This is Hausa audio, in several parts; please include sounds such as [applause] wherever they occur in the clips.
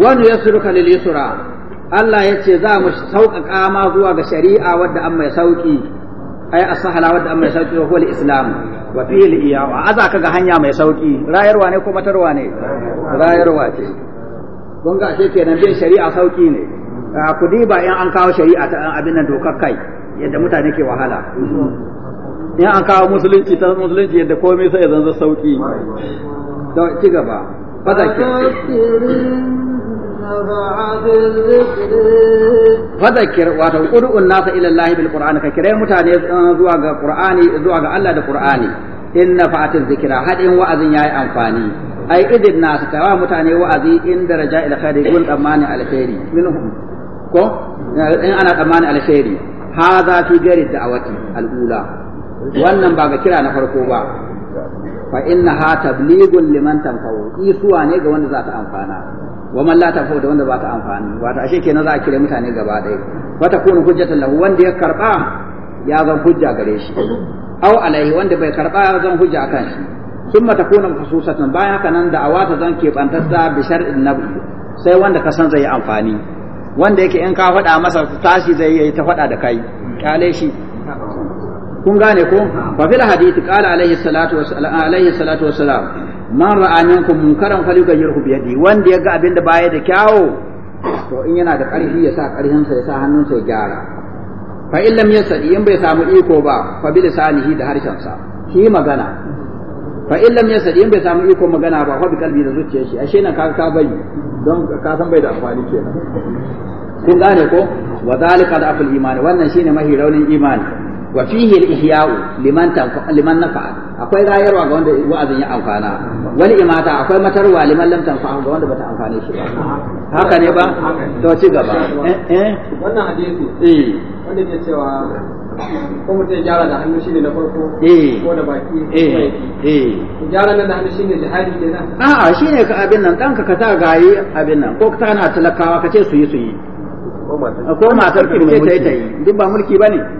wani ya suruka lil Allah ya ce za mu sauƙaƙa ma zuwa ga shari'a wadda an mai sauƙi ai as-sahala wadda an mai sauƙi wa islam wa fi al A aza ka ga hanya mai sauƙi rayarwa ne ko matarwa ne rayarwa ce kun ga ashe kenan bin shari'a sauƙi ne ku diba in an kawo shari'a ta abin nan dokar kai yadda mutane ke wahala in an kawo musulunci ta musulunci yadda komai sai ya zanza sauƙi ci gaba fada fadakir wato qur'un nasa ila Allah bil qur'an ka kire mutane uh, zuwa ga qur'ani zuwa ga Allah da qur'ani in nafa'at zikira hadin wa'azin yayi amfani ai idin nasu wa mutane wa'azi in daraja ila khairi gun tsammani alkhairi minhum ko in ana tsammani alkhairi hadha fi gari da'awati al'ula wannan ba ga kira na farko ba fa ha tablighun liman tanfa'u isuwa ne ga wanda za ta amfana wa man la tafu da wanda ba ta amfani wato ashe kenan za a kire mutane gaba ɗaya wata kunu hujjatan lahu wanda ya karba ya zan hujja gare shi aw alaihi wanda bai karba ya zan hujja akan shi summa takunu khususatan bayan haka nan da'awa ta zan keɓantarsa bi shar'in nabi sai wanda ka san zai yi amfani wanda yake in ka faɗa masa tashi zai yi ta faɗa da kai kyale shi kun gane ko fa fil hadith qala alaihi salatu wa alaihi salatu wa salam man ra'a minkum munkaran falyughayyirhu bi yadihi wanda yaga abin da baya da kyawo to in yana da ƙarfi ya sa ƙarfin sa ya sa hannun sa ya gyara fa in lam yasadi in bai samu iko ba fa bi lisanihi da harshen sa shi magana fa in lam yasadi in bai samu iko magana ba fa bi kalbi da zuciyar shi ashe nan ka bai don ka san bai da amfani kenan kun gane ko wa zalika da aful imani wannan shine mahi raunin imani wa fihi al-ihya'u liman liman nafa'a akwai rayarwa ga wanda wa'azin ya amfana wal imata akwai matarwa liman lam tanfa'a ga wanda bata amfane shi ba haka ne ba to ci gaba eh eh wannan hadisi eh wanda ke cewa ko mutum ya gyara da hannu shi ne na farko eh. ko da baki eh, eh. gyara nan da hannu shi ne jihadi kenan a'a shi ne ka abin nan danka ka sa gayi abin nan ko ka na talakawa ka ce su yi su yi ko matar kirce ta yi duk ba mulki ba ne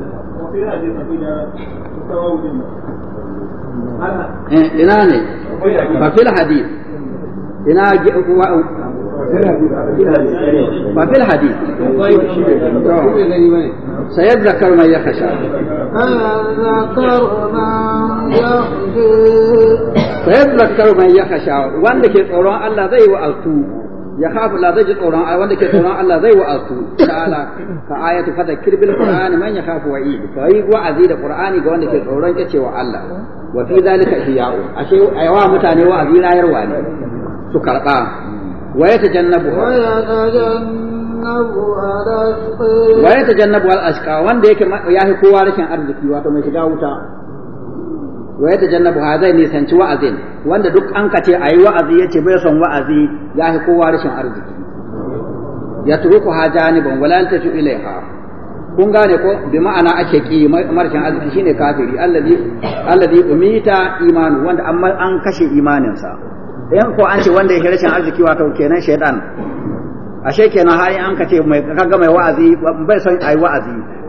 ina ne ba fil hadith ina ba fil hadith سيذكر من يخشى سيذكر من يخشى وانك يقولون الله ذي وألتوه ya khafu la zai ji tsoron wanda ke tsoron Allah zai wa'azu ta'ala ka ayatu fada kirbil qur'ani man ya khafu wa'id kai wa'azi da qur'ani ga wanda ke tsoron kace wa Allah wa fi zalika ihya'u ashe ayawa mutane wa'azi rayarwa ne su karba wa yatajannabu wa yatajannabu al-ashqa wanda yake yahi kowa rashin arziki wato mai shiga wuta wa ya hadai zai nisanci wa'azin wanda duk an kace ayi wa'azi yace bai son wa'azi ya fi kowa rashin arziki ya turuku ha janiban wala yaltaju ilaiha kun gane ko bi ma'ana ake ki marshen arziki shine kafiri alladhi alladhi umita imanu wanda amma an kashe imaninsa yan ko an ce wanda ya rashin arziki wato kenan shaytan ashe kenan har an kace mai kaga mai wa'azi bai son ayi wa'azi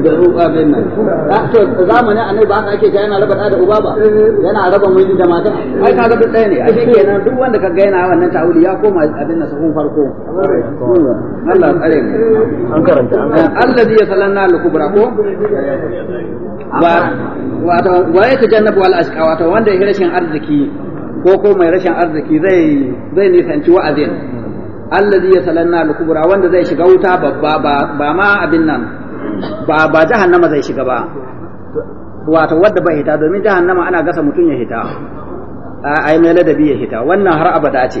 da ruba bin nan to zamanin annabi ba haka ake ga yana raba da uba ba yana raba miji da mata ai ɗaya ne ashe kenan duk wanda kaga yana wannan ya koma abin nan farko Allah tsare mu an karanta allazi al-kubra ko wa wa al-ashqa wato wanda ya rashin arziki ko ko mai rashin arziki zai zai nisanci wa'azin allazi yasalanna al-kubra wanda zai shiga wuta babba ba ma abin nan ba ba jahannama zai shiga ba wato wadda ba hita domin jahannama ana gasa mutum ya hita ai mai ladabi ya hita wannan har abada ce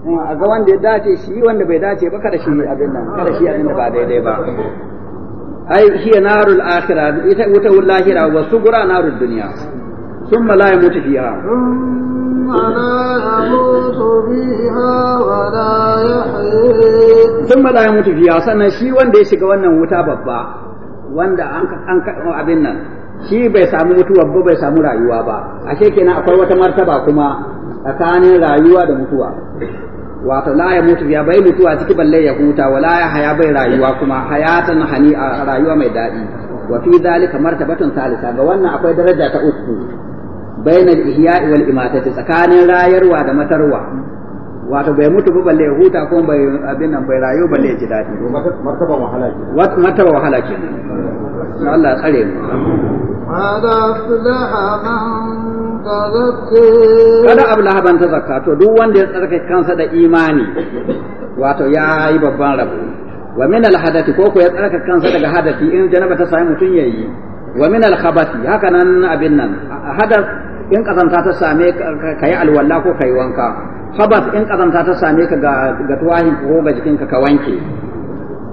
a ga wanda ya dace shi wanda bai dace ba kada shi abin nan kada shi abin da ba daidai ba ai hiya narul akhirah ita wuta lahira wa sugura narul dunya thumma la yamutu fiha thumma la yamutu fiha sannan shi wanda ya shiga wannan wuta babba wanda an abin nan shi bai samu mutuwa ba bai samu rayuwa ba ashe kenan akwai wata martaba kuma tsakanin rayuwa da mutuwa wato la ya mutu ya bai mutuwa ciki balle ya huta wala ya haya bai rayuwa kuma hayatan hani a rayuwa mai daɗi wa fi dalika martabatun salisa ga wannan akwai daraja ta uku bainal ihya'i wal imatati tsakanin rayarwa da matarwa wato bai mutu ba balle ya huta ko bai abin nan bai rayu balle ya ji daɗi martaba wahala ke martaba wahala ke Allah ya tsare mu Ka abu lahabar ta zakka to duk wanda ya tsarge kansa da imani wato ya yi babban rabu, wa min al'adar ko ku yi kansa daga hadaddi, in jana'ba ta sami mutum ya yi, wa min al'habari hakan abin nan, hadar in ƙazanta ta same ka yi alwala ko ka yi wanka, habari in ƙazanta ta same ga tawahinta ko ga jikinka ka wanke.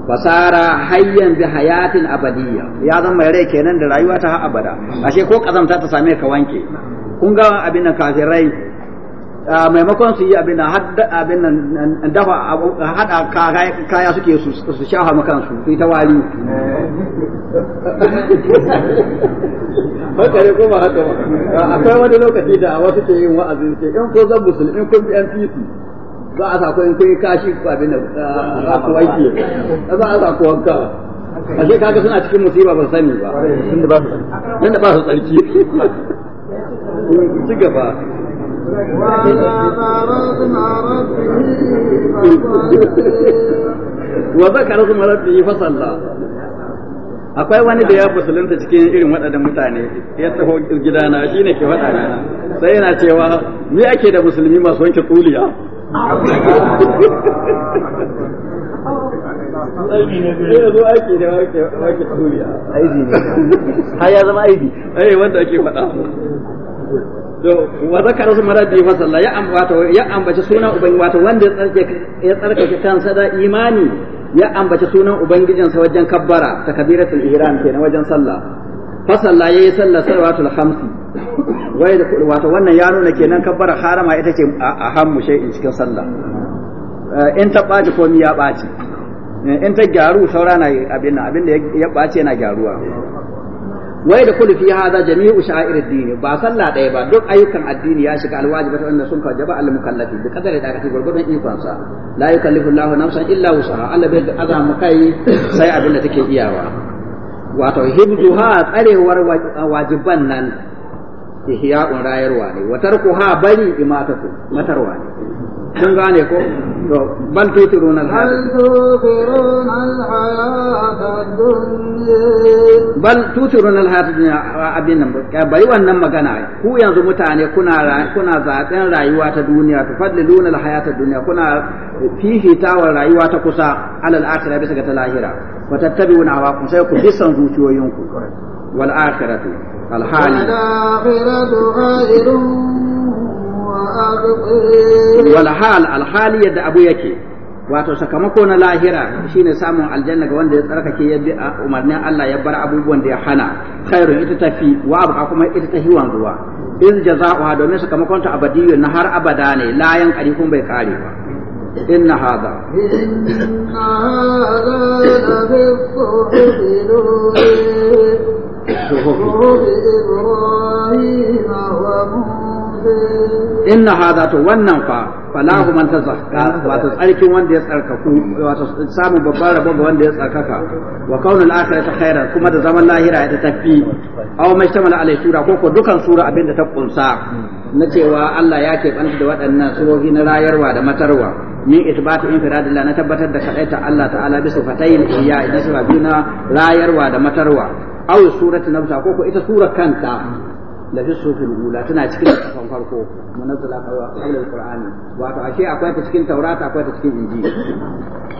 fasara hayyan bi hayatin abadiyya ya zama mai rai kenan da rayuwa ta ha abada ashe ko kazamta ta same ka wanke kun ga abin nan kafirai maimakon su yi abin nan abin nan dafa hada kaya suke su shafa makan su su yi ta wali Bakare [laughs] ko ba haka ba akwai wani lokaci da a wasu ke yin wa'azin ce in ko zan musulmi in ko bi NPC za a sa kun kun kashi ko abin da ah, za ku wanki za a sa ku wanka ashe kaga suna cikin musiba ban sani ba nan ba su ba su tsarki ci gaba wa ka rasu rabbi fa salla akwai wani da ya musulunta cikin irin waɗannan mutane ya taho gidana shine ke waɗana. sai yana cewa me ake da musulmi masu wanke tsuliya ne har ya zama aibi ai eh, wanda ake faɗa to wa zakara su ne. fa ne. ya ambata ya ne. sunan ubangi wato wanda ya tsarkake kansa da imani ya ambaci sunan ubangijinsa wajen kabbara ne. ihram kenan wajen sallah fa ne. yayi sallah salawatul khamsi wai da wato wannan ya nuna kenan kabbara harama ita ce a hammu shai in cikin sallah eh, in ta ɓaci komai ya ɓaci eh, in ta gyaru saura na abin nan abin da ya ɓaci yana gyaruwa wai da kullu fi hadha jami'u sha'ir dini ba sallah ɗaya ba duk ayyukan addini ya shiga alwajibata wanda sun jaba al mukallafi bi qadari da kake gurgurdan ikon sa la yukallifu Allahu nafsan illa wusaha Allah bai azama kai sai abin da take iyawa wato hibduha tsarewar wajiban nan ihya'un rayarwa ne wa tarkuha bari imatatu matarwa ne kun gane ko to bal tutiruna hal al hayata dunya bal tutiruna al hayata dunya abin nan bari wannan magana ku yanzu mutane kuna kuna zaben rayuwa ta duniya tufaddiluna al hayata dunya kuna fifitawar rayuwa ta kusa alal akhirah bisa ga ta lahira wa tattabi'una kun sai ku bisan zuciyoyinku wal akhiratu alhali alhali yadda abu yake wato sakamako na lahira shine samun aljanna ga wanda ya tsarkake ya bi umarnin Allah ya bar abubuwan da ya hana khairu ita tafi wa abu kuma ita ta hiwan ruwa in jaza'uha domin sakamakon ta abadiyyu na har abada ne layan kari kun bai kare ba inna hadha inna inna haza to wannan fa falahu man zakka wato tsarkin wanda ya tsarkaku wato samun babban rabo ga wanda ya tsarkaka wa kaunul akhirati khairan kuma da zaman lahira ya tafi aw mai tamala sura ko ko dukan sura abinda ta kunsa na cewa Allah ya ke da waɗannan surofi na rayarwa da matarwa min isbatu infiradi na tabbatar da kadaita Allah ta'ala bi sifatayn iya idan sifa biyu na rayarwa da matarwa aw suratu nafsa ko ko ita surar kanta da fi sufil ula tana cikin littafin farko munazzala qabla alqur'ani wato ashe akwai ta cikin taurata akwai ta cikin injil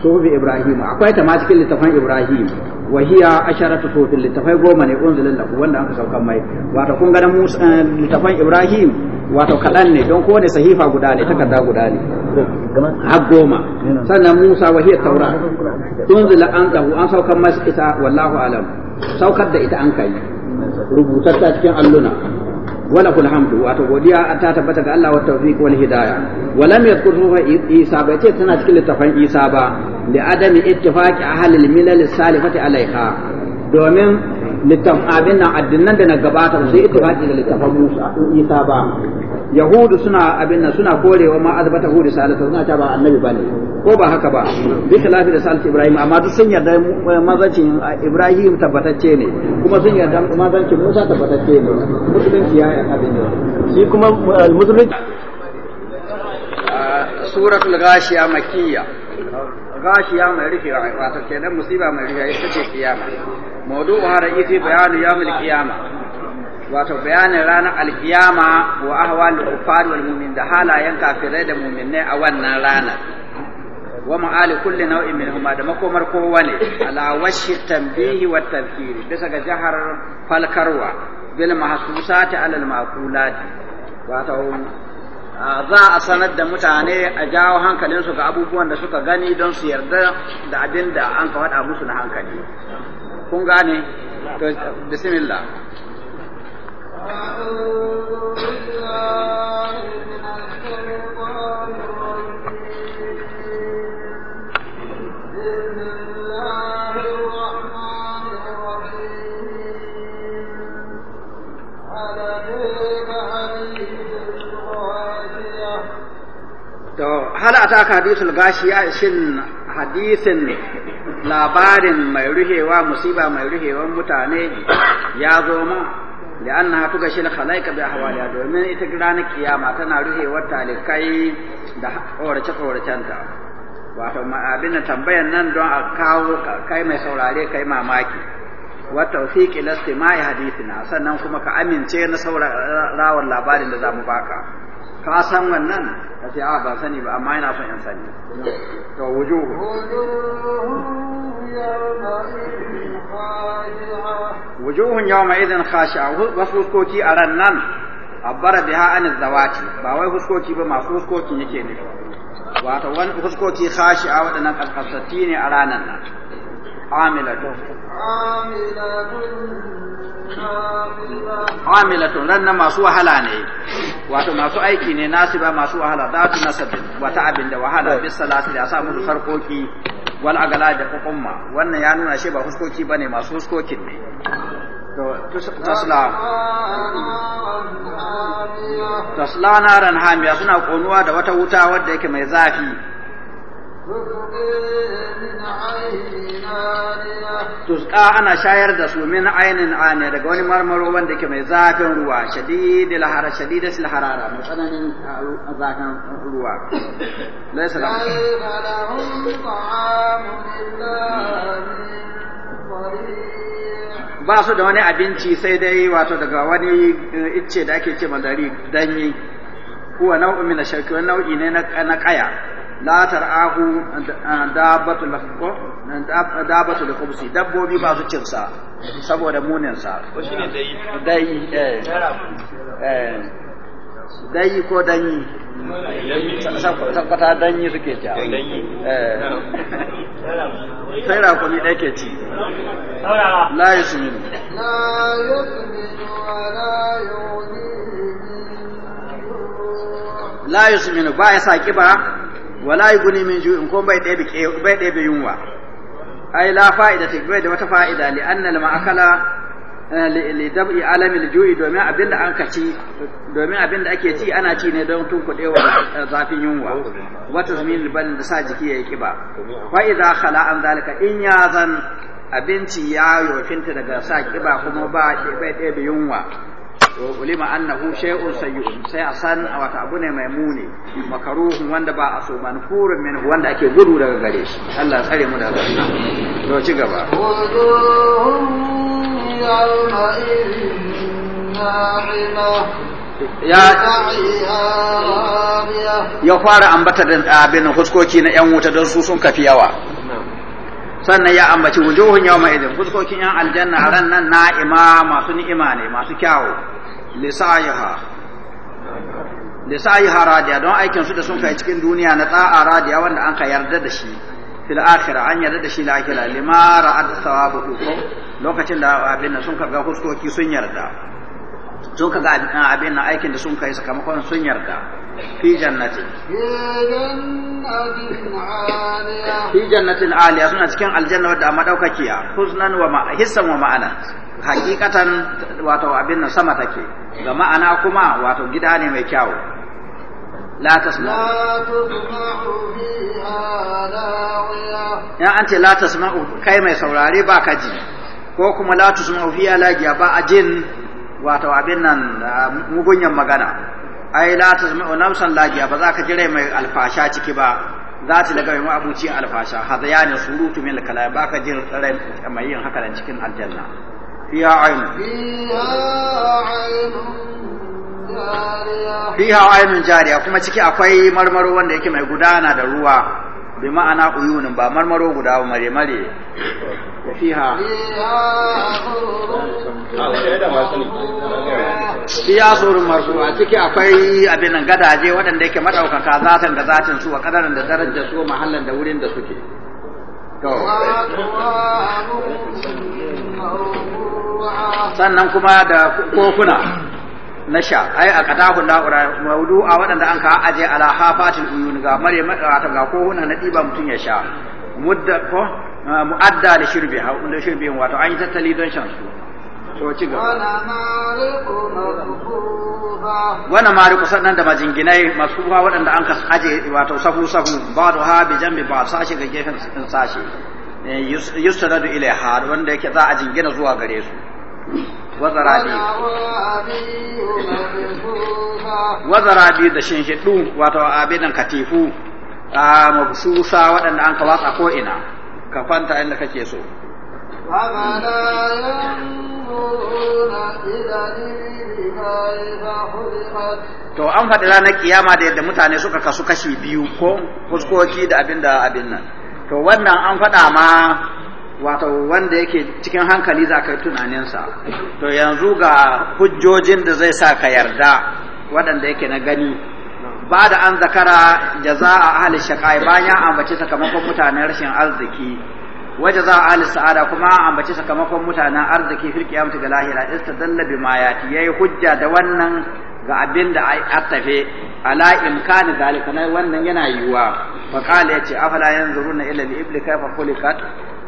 sufi ibrahim akwai ta ma cikin littafin ibrahim wa hiya asharatu sufil littafai goma ne unzilin lahu wanda aka saukan mai wato kun ga eh, littafin ibrahim wato kaɗan ne don kowane sahifa guda ne takarda guda ne har goma sannan musa wa hiya taura unzila an an saukan masa ita wallahu alam saukar da ita an kai rubutatta cikin alluna wala kul hamdu wato godiya ta tabbata ga Allah wa tawfiq wal hidayah walam yadhkur ruha isa ba ce tana cikin littafin isa ba da adami ittifaqi ahli al milal salifati alaiha domin littaf abin nan addinan da na gabatar sai ita ittifaqi da littafan Musa Isa ba Yahudu suna abin nan suna korewa ma azbata hu salatu suna ta ba annabi bane ko ba haka ba duk lafi da salatu Ibrahim amma duk sun yarda mazancin Ibrahim tabbatacce ne kuma sun yarda mazancin Musa tabbatacce ne musulunci ya abin nan shi kuma uh, musulunci ah, suratul ghashiya makkiyya gashiya mai a wato kenan musiba mai rufewa ita ce kiyama mawdu'uha bayanin ya yawmil kiyama wato bayanin ranar alkiyama wa ahwalul kufar wal mu'min da halayen kafirai da mu'minai a wannan rana wa ma'ali kulli nau'in minhuma da makomar kowane ala washi tanbihi wa tadhkiri bisa ga jahar falkarwa bil mahsusati alal maqulati wato za a sanar da mutane a jawo hankalinsu ga abubuwan da suka gani don su yarda da abin da an ka faɗa musu na hankali kun gane bismillah to hal ataka hadisul gashiya shin hadisin labarin mai ruhewa musiba mai ruhewan mutane ya zo ma لأنها تغشي الخلائق ita دومين kiyama tana ruhewar talikai da horace horacen ta wato abin da tambayan nan don a kawo kai mai saurare kai mamaki wa tawfiqi ila hadithina sannan kuma ka amince na sauraron labarin da zamu baka ka san wannan ka ce a ah, ba sani ba amma yana son yan sani to wujuhu wujuhun yawma kashi, a wasu huskoki a ran nan abbara biha an zawati ba wai huskoki ba masu huskoki yake nufi wato wani huskoki a waɗannan kaskasatti ne a ranan nan عاملة عاملة wato masu aiki ne nasu ba masu wahala za su nasabin wata abin da wahala bis salati da sa musu sarkoki wal agala da kukumma wannan ya nuna shi ba huskoki bane masu huskokin ne to tasla tasla naran hamiya suna konuwa da wata wuta wadda yake mai zafi Tuska ana shayar da su min ainin ane daga wani marmaro wanda yake mai zafin ruwa shadidil harara shadidatil harara mai tsananin zafin ruwa laysa ba su da wani abinci sai dai wato daga wani e, icce da ake ce madari danyi kuwa nau'in na ashaki wani nau'i ne na kaya la tar'ahu dabatu lakko dabbatu lakubsi dabbobi ba su cin sa saboda munin sa ko shine dai dai eh eh dai ko danyi sakwata danyi suke ci danyi eh sai dai ke ci la yusmin la yusmin wa la yughni la yusmin ba ya sa kiba wala yughni min ju'in ko bai ɗebe bai yunwa ai la fa'ida ta bai da wata fa'ida eh, li anna lama li dab'i alamil ju'i domin abinda an ka ci domin abinda ake ci ana ci ne don tun kuɗewa eh, zafin yunwa wata zamin ban da sa jiki yi kiba fa idza khala an zalika in ya zan abinci ya yofinta daga sa kiba kuma ba bai yunwa wa ulima annahu shay'un sayyi'un sai a san wata abu ne mai muni makaruhun wanda ba a so manfurun min wanda ake gudu daga gare shi Allah tsare mu daga gare to ci gaba ya fara ambata da abin huskoki na yan wuta don su sun kafi yawa sannan ya ambaci wujuhun yawma idin fuskokin yan aljanna ran nan na'ima masu ni'ima ne masu kyawu lisa'iha lisa'iha radiya don aikin su da sun kai cikin duniya na da'a radiya wanda an ka yarda da shi fil akhirah an yarda da shi la akhirah lima ra'at thawabu lokacin da abin sun karga huskoki sun yarda sun ga abin na aikin da sun kai sakamakon sun yarda fi jannati fi jannatin aliya suna cikin aljanna wadda amma daukakiya husnan wa hissan wa ma'ana hakikatan wato abin nan sama take ga ma'ana kuma wato gida ne mai kyau la tasma'u ya an ce la tasma'u kai mai saurare ba ka ji ko kuma la tasma'u fiha lagiya ba a jin wato abin nan mugunyan magana ai la na nafsan lajiya ba za ka jira mai alfasha ciki ba za ta daga mai abuci alfasha ne surutu min kala ba ka jin tsare mai yin haka nan cikin aljanna fiha ayn fiha aynun jariya kuma ciki akwai marmaro wanda yake mai gudana da ruwa bi ma'ana uyunin ba marmaro guda mare mare فيها فيها صور مرفوعة a ciki akwai abin gadaje waɗanda yake madaukaka zatan da zatin su wa kadarin da darajar su mahallan da wurin da sannan kuma da kofuna na sha ai a kadahu na'ura maudu a waɗanda an ka aje ala hafatin uyun ga Ah, mu'adda da shirbi da shirbi wato an yi tattali don shan su to ci gaba wannan mariku sannan da majinginai masu ruwa waɗanda an kasu aje wato safu safu ba da ha bi jambi ba sashi ga gefen sashi eh, yusradu har wanda yake za a jingina zuwa gare su wazarabi wazarabi da shinshidu wato abinan katifu a ah, mabsusa waɗanda an kawasa ko ina ka kwanta inda kake so To an faɗi ranar kiyama da yadda mutane suka kasu kashi biyu ko fuskoki da abin da abin nan. To wannan an faɗa ma wato wanda yake cikin hankali za ka yi tunaninsa. To yanzu ga hujjojin da zai sa ka yarda waɗanda yake na gani ba da an zakara jaza'a ahli ba bayan ambace sakamakon mutanen rashin arziki za a halin sa'ada kuma an ambace sakamakon mutanen arziki ya mutu ga lahira istadalla bima ya yi hujja da wannan ga abin da a tafe ala imkani dalika na wannan yana yiwuwa fa ya yace afala zuru na al-ibli kayfa khuliqat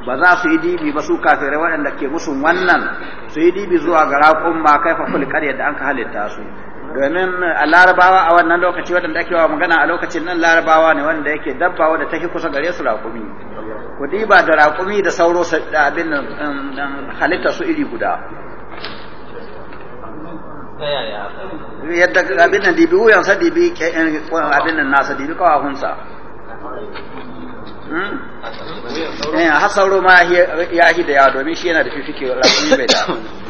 ba za su yi dibi ba su kafirai waɗanda ke musun wannan su yi dibi zuwa ga raƙon ma kaifa khuliqat yadda an ka halitta su domin a larabawa a wannan lokaci waɗanda ake wa magana a lokacin nan larabawa ne wanda yake dabba wadda take kusa gare su raƙumi kudi ba da raƙumi da sauro da abin um, um, halitta su iri guda yadda abin nan dibi wuyan sa dibi eh, abin nan nasa dibi kawahunsa hmm? eh, har sauro ma ya hi da yawa domin shi yana da fifike raƙumi bai da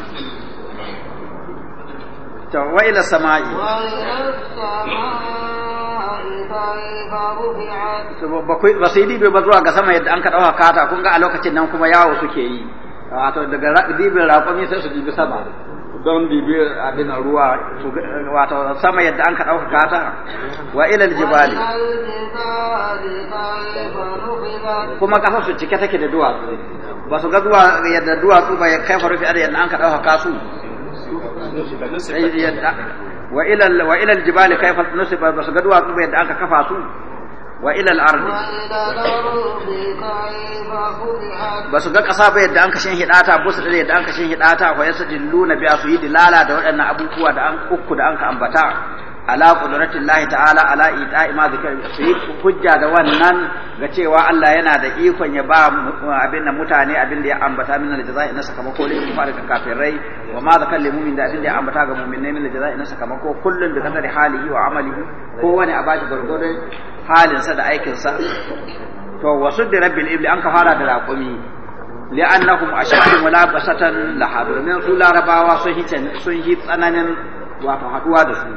to wa ila sama'i ba ga sama yadda an ka ɗauka kata kun ga a lokacin nan kuma yawo suke yi wato daga dibin raƙumi sai su dibi sama don dibi abin ruwa wato sama yadda an ka ɗauka kata wa ilal jibali kuma ƙasa su cike take da duwatsu ba su ga yadda duwatsu ba ya kai farufi da yadda an ka ɗauka kasu wa ila wa ila aljibali kayfa nusiba ga duwatsu bai aka kafa su wa ila al basu ga kasa ba yadda an kashin hidata ba da yadda an kashin hidata ko yasa dilluna biya su yi dilala da waɗannan abubuwa da an ukku da an ka ambata ala kudratin lahi ta'ala ala ita'i ma zikr su yi hujja da wannan ga cewa Allah yana da ikon ya ba abin da mutane abin da ya ambata min da jazai na sakamako da kuma da kafirai wa ma zakal mu'min da abin da ya ambata ga mu'minai min da jazai na sakamako kullun da qadari halihi wa amalihi wani a bashi halin halinsa da aikinsa to wasu da rabbil ibli an ka fara da raƙumi لأنهم أشد mulabasatan لها domin larabawa sun hi tsananin wato haɗuwa da su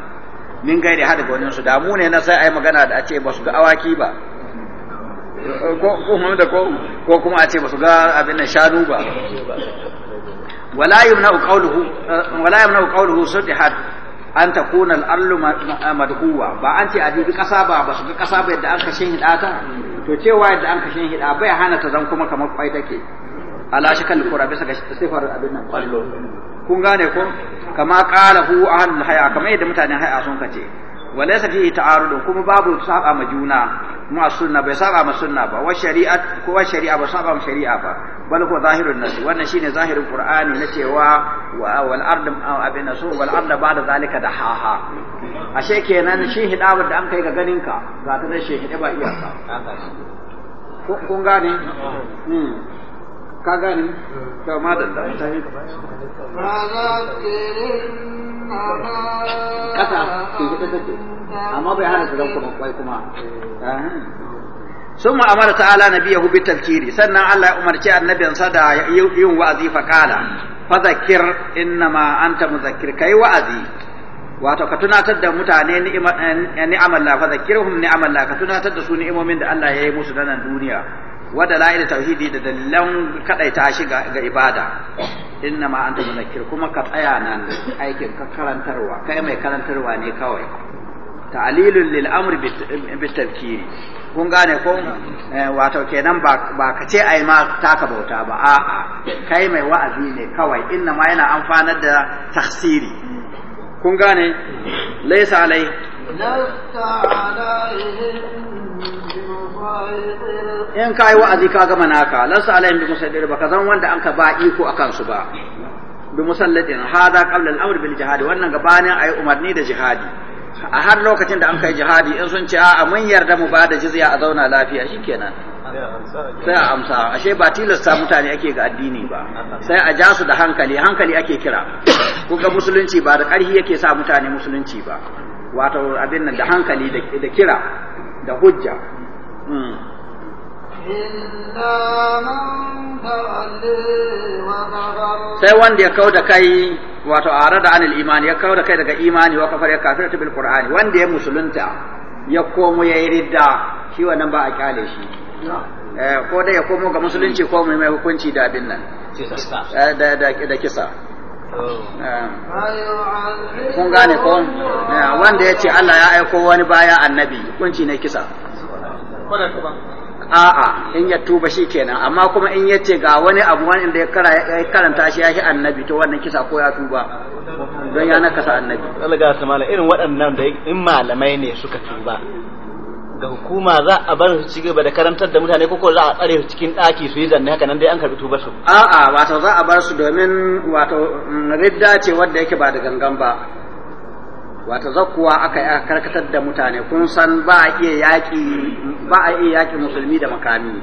min gairi hada gonin su da mu ne na sai ai magana da a ce ba su ga awaki ba ko kuma a ce ba su ga abin nan shanu ba wala yumna na'u eh, wala yumna qawluhu sutihat an takuna al-arlu madhuwa ba an ce a dubi kasa ba ba su ga kasa ba yadda an kashin hida ta to cewa yadda an kashin hida bai hana ta zan kuma kamar kwai take ala shakal qura bisa ga sifar abin nan kwallo kun gane ko kama qala hu ahlul haya kama yadda mutanen haya sun kace walaysa fihi ta'arudun kuma babu saba ma juna mu sunna bai saba ma sunna ba wa shari'at ko wa shari'a ba saba ma shari'a ba bal ko zahirun nasi wannan shine zahirin qur'ani na cewa wal ard abina su wal ard ba'da zalika da haha ashe kenan shi hidabar da an kai ga ganinka ga ta da shi hidaba iyaka kun gane hmm. ka gane ka ma da ta yi kasa sun kuɗa take amma bai hana su zan kuma kwai kuma ثم أمر تعالى نبيه بالتذكير سنة الله أمر كي النبي صدى يوم وأذي فقال فذكر إنما أنت مذكر kai wa'azi, wato ka tunatar da mutane eh, ni'amar la fa zakirhum ni'amar la ka tunatar da su ni'imomin da Allah ya yi musu nan duniya wa dalail tauhidi da dalilan kadaita shi ga ibada inna ma anta muzakkir kuma ka tsaya nan aikin ka karantarwa kai mai karantarwa ne kawai ta'lilun lil amri bi tafkir kun gane ko eh, wato kenan ba ba ka ce ai ma taka bauta ba a'a kai mai wa'azi ne kawai inna ma yana amfanar da tafsiri kun gane laysa alai lasta alaihim in ka yi wa'azi ka gama naka lansu alayhim bi musaddid ba ka zan wanda an ka ba iko a kansu ba bi musalladin hada qabla al-amr bil jihad wannan gabanin ayi umarni da jihadi a har lokacin da an yi jihadi in sun ce a mun yarda mu ba da jizya a zauna lafiya shikenan sai a amsa ashe ba tilasta mutane ake ga addini ba sai a ja su da hankali hankali ake kira kuka musulunci ba da ƙarfi yake sa mutane musulunci ba wato abin nan da hankali da kira da hujja sai wanda ya kau da kai wato a da anil imani ya kau da kai daga imani wa kafar ya kafir ta bil qur'ani wanda ya musulunta ya komo ya yi ridda shi wannan ba a kyale shi eh, ko dai ya komo ga musulunci ko mai hukunci da abin nan eh, da kisa oh. eh. kun gane ko wanda ya ce Allah ya aiko wani baya annabi hukunci na kisa ko tuba a'a in ya tuba shi kenan amma kuma in ya ce ga wani abu wani da ya karanta shi ya shi annabi to wannan kisa ko ya tuba don ya nakasa annabi Allah ga su malam irin waɗannan da in malamai ne suka tuba ga hukuma za a bar su cigaba da karantar da mutane ko za a tsare su cikin ɗaki su yi zanne haka nan dai an karbi tubar su a'a wato za a bar su domin wato mm, ridda ce wanda yake ba da gangan ba wata zakkuwa aka karkatar da mutane kun san ba a iya yaƙi ba a iya yaƙi musulmi da makami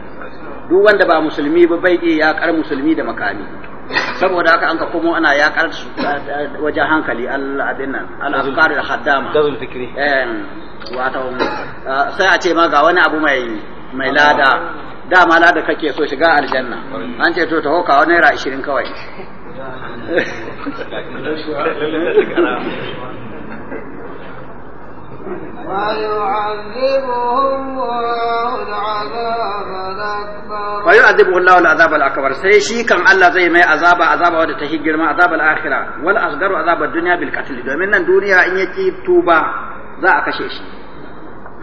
duk wanda ba musulmi ba bai iya yaƙar musulmi da makami saboda haka an ka komo ana yaƙar wajen hankali al'adin nan al'afkar da haddama ehm, wato sai a ce ma ga wani abu mai mai lada dama lada kake so shiga aljanna an ce to ta wani naira ashirin kawai [laughs] fa yu'adhibuhu Allah al azabar al-akbar sai shi kan Allah zai mai azaba azaba wadda ta girma azab al-akhirah wal asgaru azab ad-dunya bil qatl domin nan duniya in yaki tuba za a kashe shi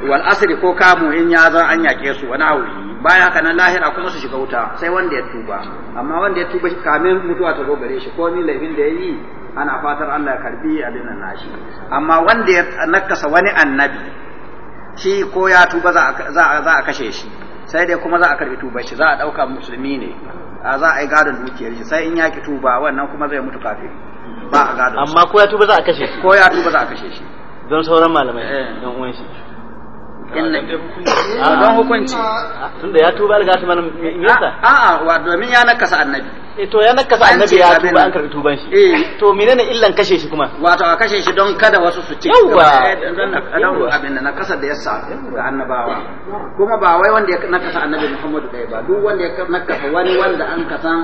wal asri ko kamu in ya zan an yake su wani auri Baya haka nan lahira kuma su shiga wuta sai wanda ya tuba amma wanda ya tuba kamin mutuwa ta zo gare shi ko ni laifin da ya yi ana fatar Allah ya karbi abin nan nashi amma wanda ya nakasa wani annabi shi ko ya tuba za a kashe shi sai dai kuma za a karbi tuba shi za a ɗauka musulmi ne za a yi gadon dukiyar shi sai in ya ki tuba wannan kuma zai mutu kafiri ba a gadon amma ko ya tuba za a kashe shi ko ya tuba za a kashe shi don sauran malamai eh. don uwan shi Ah, don ah. hukunci tunda ya tuba daga malam yasa a'a ah, wa domin ya nakasa annabi eh to ya nakasa annabi ya tuba an karbi tuban shi eh to menene illan kashe shi kuma wato a kashe shi don kada wasu su ci yawa don eh, abin da nakasa da yasa ga annabawa kuma ba wai wanda ya nakasa annabi Muhammadu kai ba duk wanda ya nakasa wani wanda an kasan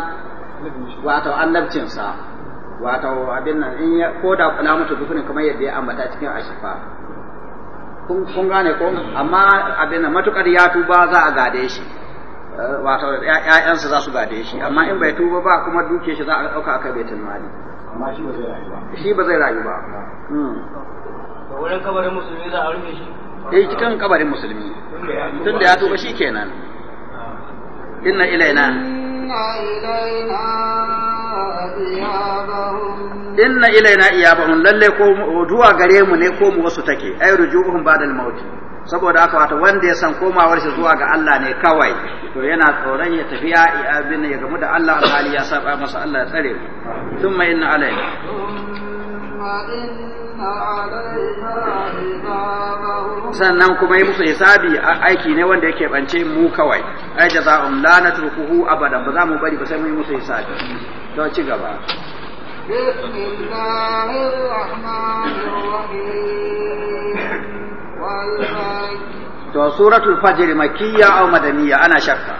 wato annabcinsa wato abin nan in ya koda kula mutu dukkan kamar yadda ya ambata cikin ashifa kun gane ko amma abin matukar ya tuba za a gade shi eh, wato ƴaƴansa za su gade shi amma in bai tuba ba kuma duke shi za a ɗauka aka baitul mali amma shi ba zai rayu ba shi ba zai rayu ba to hmm. wurin kabarin musulmi za a rufe shi eh cikin kabarin musulmi Tunda ya tuba shi kenan inna ilaina inna ilaina iyabahum inna ilaina iyabahum lalle ko zuwa gare mu ne ko mu wasu take ay rujuhum ba'da al-maut saboda aka wata wanda ya san komawar shi zuwa ga Allah ne kawai to yana tsoron ya tafiya ya gamu da Allah alhali ya saba masa Allah ya tsare thumma inna alaina sannan kuma yi musu hisabi aiki ne wanda yake bance mu kawai ai jaza'un la natrukuhu abadan ba za mu bari ba sai mu yi musu hisabi don ci gaba بسم الله الرحمن الرحيم والفجر to suratul fajr makiyya aw madaniyya ana shakka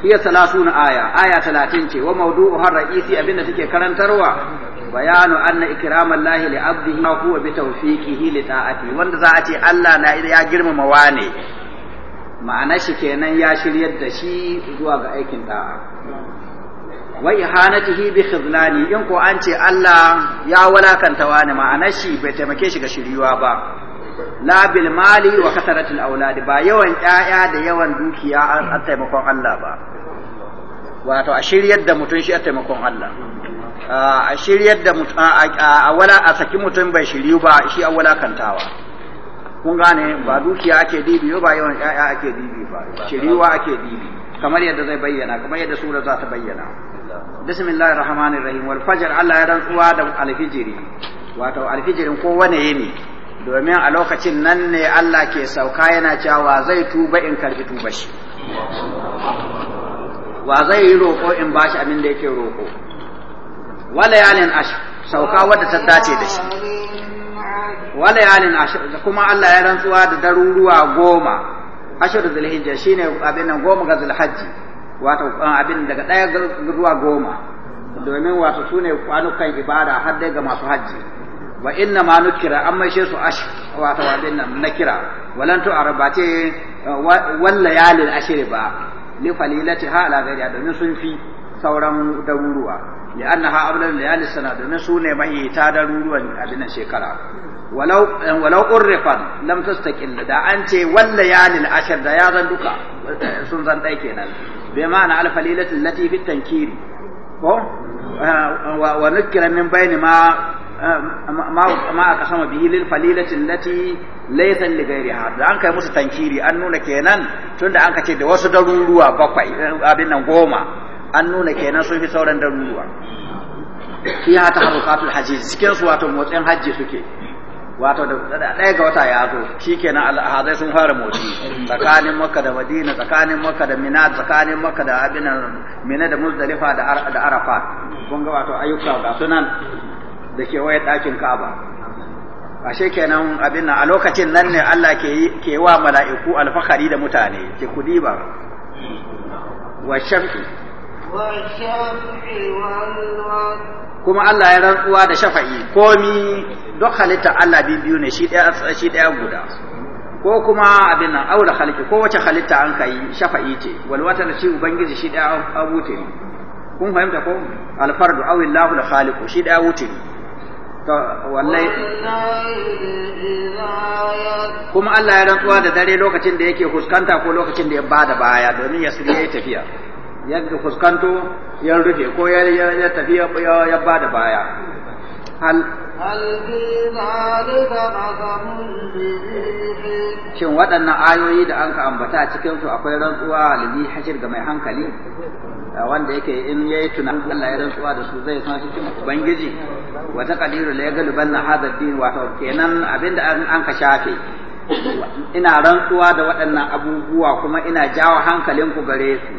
hiya 30 aya aya talatin ce wa mawdu'uha ra'isi abinda take karantarwa bayanu anna ikramal lahi li abdihi huwa bi tawfiqihi li ta'ati wanda za a ce Allah na ya girmama ne? Ma'anar shi kenan ya shiryar da shi zuwa ga aikin da'a wa ihanatihi bi khizlani in ko an ce Allah ya walakanta wani ma'anar shi bai taimake shi ga shiriwa ba la bil mali wa kasaratil auladi ba yawan ƴaƴa da yawan dukiya an taimakon Allah ba wato a shiryar da mutum shi a taimakon Allah a shiryar da mutum a wala a saki mutum bai shiryu ba shi a walakantawa kun gane ba dukiya ake dibi ba yawan ƴaƴa ake dibi ba shiriwa ake dibi kamar yadda zai bayyana kamar yadda sura za ta bayyana بسم الله rahim الرحيم والفجر Allah ya rantsuwa da alfijiri واتو الفجر كو وني يني domin a lokacin nan ne Allah ke sauka yana cewa zai tuba in karbi tuba shi wa zai yi roƙo in bashi abin da yake roƙo wala yalin ash sauka wadda ta dace da shi wala yalin ash kuma Allah ya rantsuwa da daruruwa goma zulhijja shine abin nan goma ga zulhajji wato ah, abin daga ɗaya zuwa goma domin wato su kwanukan ibada har dai ga masu hajji wa inna ma nukira an maishe su ash wato abin nan na kira walan tu araba ce ah, ashir ba li falilati ha ala domin sun fi sauran daruruwa li annaha abla yalin sana domin su ne mai ta daruruwan abin shekara walau walau lam tastaqil da an ce wal layalil ashar da ya zan duka sun zan dai kenan bi ma'ana al falilati allati fi tankiri ko wa nukira min bayni ma ma ma aka sama bihi lil falilati allati laysa li ghayriha da an kai musu tankiri an nuna kenan tunda an kace da wasu daruruwa bakwai abin nan goma an nuna kenan sun fi sauran daruruwa fiha taharrukatul hajji cikin su wato motsin hajji suke wato da ɗaya ga wata ya zo shi kenan alhazai sun fara motsi tsakanin makka da madina tsakanin makka da mina tsakanin makka da abin mina da muzdalifa da arafa kun ga wato ayyuka ga sunan da ke waye ɗakin ka'aba ashe kenan abin a lokacin nan ne Allah ke ke wa mala'iku alfahari da mutane ke kudi ba wa shafi kuma Allah ya rantsuwa da shafa'i komi duk halitta Allah biyu ne shi ɗaya shi ɗaya guda ko kuma abin nan aure halitta ko wace halitta an kai shafa'i ce wal da shi ubangiji shi ɗaya abute ne kun fahimta ko al fardu aw illahu al khaliqu shi ɗaya wuce ne to wallahi kuma Allah ya rantsuwa da dare lokacin da yake huskanta ko lokacin da ya bada baya domin ya ya tafiya yadda fuskanto ya rufe ko ya tafiya ya bada baya hal shin waɗannan ayoyi da an ka ambata cikinsu akwai rantsuwa lili hashir ga mai hankali wanda yake in yayi tunan Allah ya rantsuwa da su zai san cikin ubangiji wa taqdiru la gali hadha ad-din wa kenan abinda an ka shafe ina rantsuwa da waɗannan abubuwa kuma ina jawo hankalinku gare su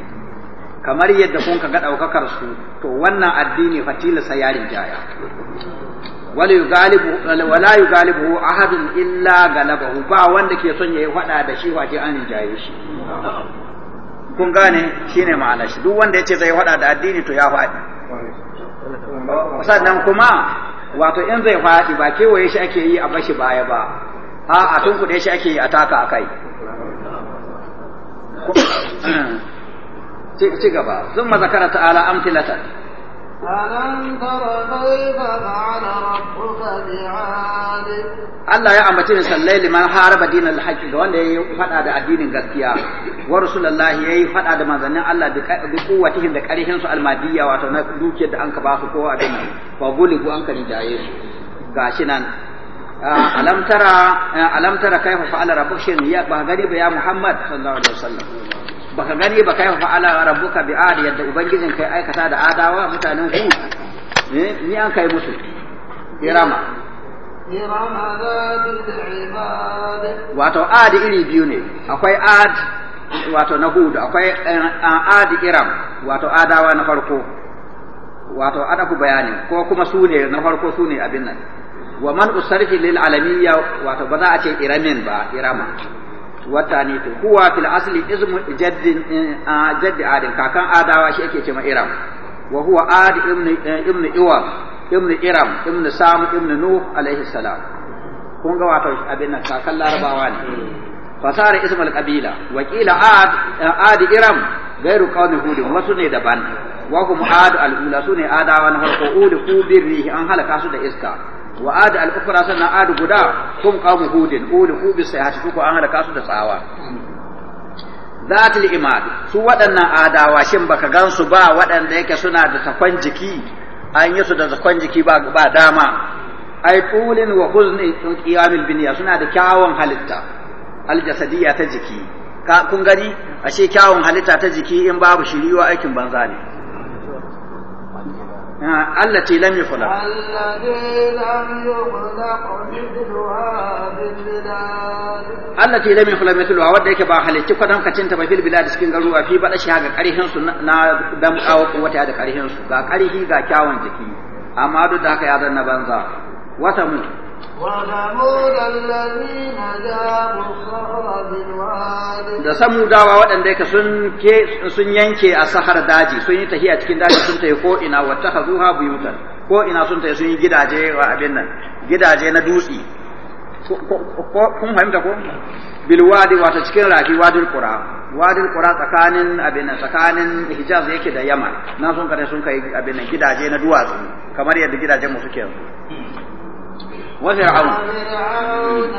kamar yadda kun ka ga ɗaukakar su to wannan addini fatila ya jaya wala a ahadun illa galabahu ba wanda ke son ya yi fada da shi wace an rinjaye shi kun gane ne ma'ana shi duk wanda ya ce zai fada da addini to ya faɗi. sannan kuma wato in zai faɗi ba kewaye shi ake yi a bashi baya ba a a tun kuɗe shi ake yi a taka kai [coughs] ci gaba sun mazakara ta'ala amfilatar Allah ya ambaci ni sallai liman haraba dinar alhaqi ga wanda yayi fada da addinin gaskiya wa rasulullahi yayi fada da manzannin Allah da kuwatihin da karihin su almadiyya wato na dukiyar da an ka ba su ko abin nan fa go an ka rijaye su gashi nan alam tara alam tara kaifa fa'ala rabbuka shin ya ba gari ba ya Muhammad sallallahu alaihi wasallam baka gani ba kai fa'ala rabbuka bi adi yadda ubangijin kai aikata da adawa mutanen su eh, ni an kai musu irama wato adi iri biyu ne akwai ad wato na hudu akwai eh, ah, adi iram wato adawa na farko wato adaku bayani ko kuma su ne na farko su ne abin nan wa man usarfi lil alamiyya wato ba za a ce iramin ba irama والتانيث fil asli الأصل اسم جد جد عاد كاكان آدا واشي أكي كما إرم وهو عاد ابن ابن إوام ابن iram ابن سام ابن نوح عليه السلام kun ga wato abin nan kakan larabawa ne fasara ismul qabila wa qila ad eh, ad iram gairu qawmi hud wasu ne daban wa hum ad al ula sune adawa na farko udu ku an halaka su da iska wa ad al ukra sannan ad guda kum qawm hudin uliku sai sayhati ku an halaka su da tsawa zatul imad su waɗannan adawa shin baka gansu ba waɗanda yake suna da takwan jiki an yi su da takwan jiki ba ba dama ai tulin wa huzni qiyamil binya suna da kyawun halitta al jasadiyya ta jiki ka kun gani ashe kyawun halitta ta jiki in babu shiriwa aikin banza ne Allah لم يخلق التي لم يخلق مثلها في البلاد التي لم يخلق مثلها wadda yake ba halicci kwadan kacin ta ba fil bilad cikin garuruwa fi baɗa shi ga ƙarihinsu na dam awa kuwata da ƙarihinsu, ga ƙarihi ga kyawun jiki amma duk da haka ya zanna banza wata mu da dawa waɗanda ka sun yanke a sahar daji sun yi tafiya cikin daji sun tafi ko ina wata hazuha buyutan ko ina sun tafi sun yi gidaje wa abin nan gidaje na dutsi kun fahimta ko bil wadi cikin rafi wadil qura wadil qura tsakanin abin tsakanin hijaz yake da yama nan sun kare sun kai abin nan gidaje na duwatsu kamar yadda gidajen mu suke yanzu وفرعون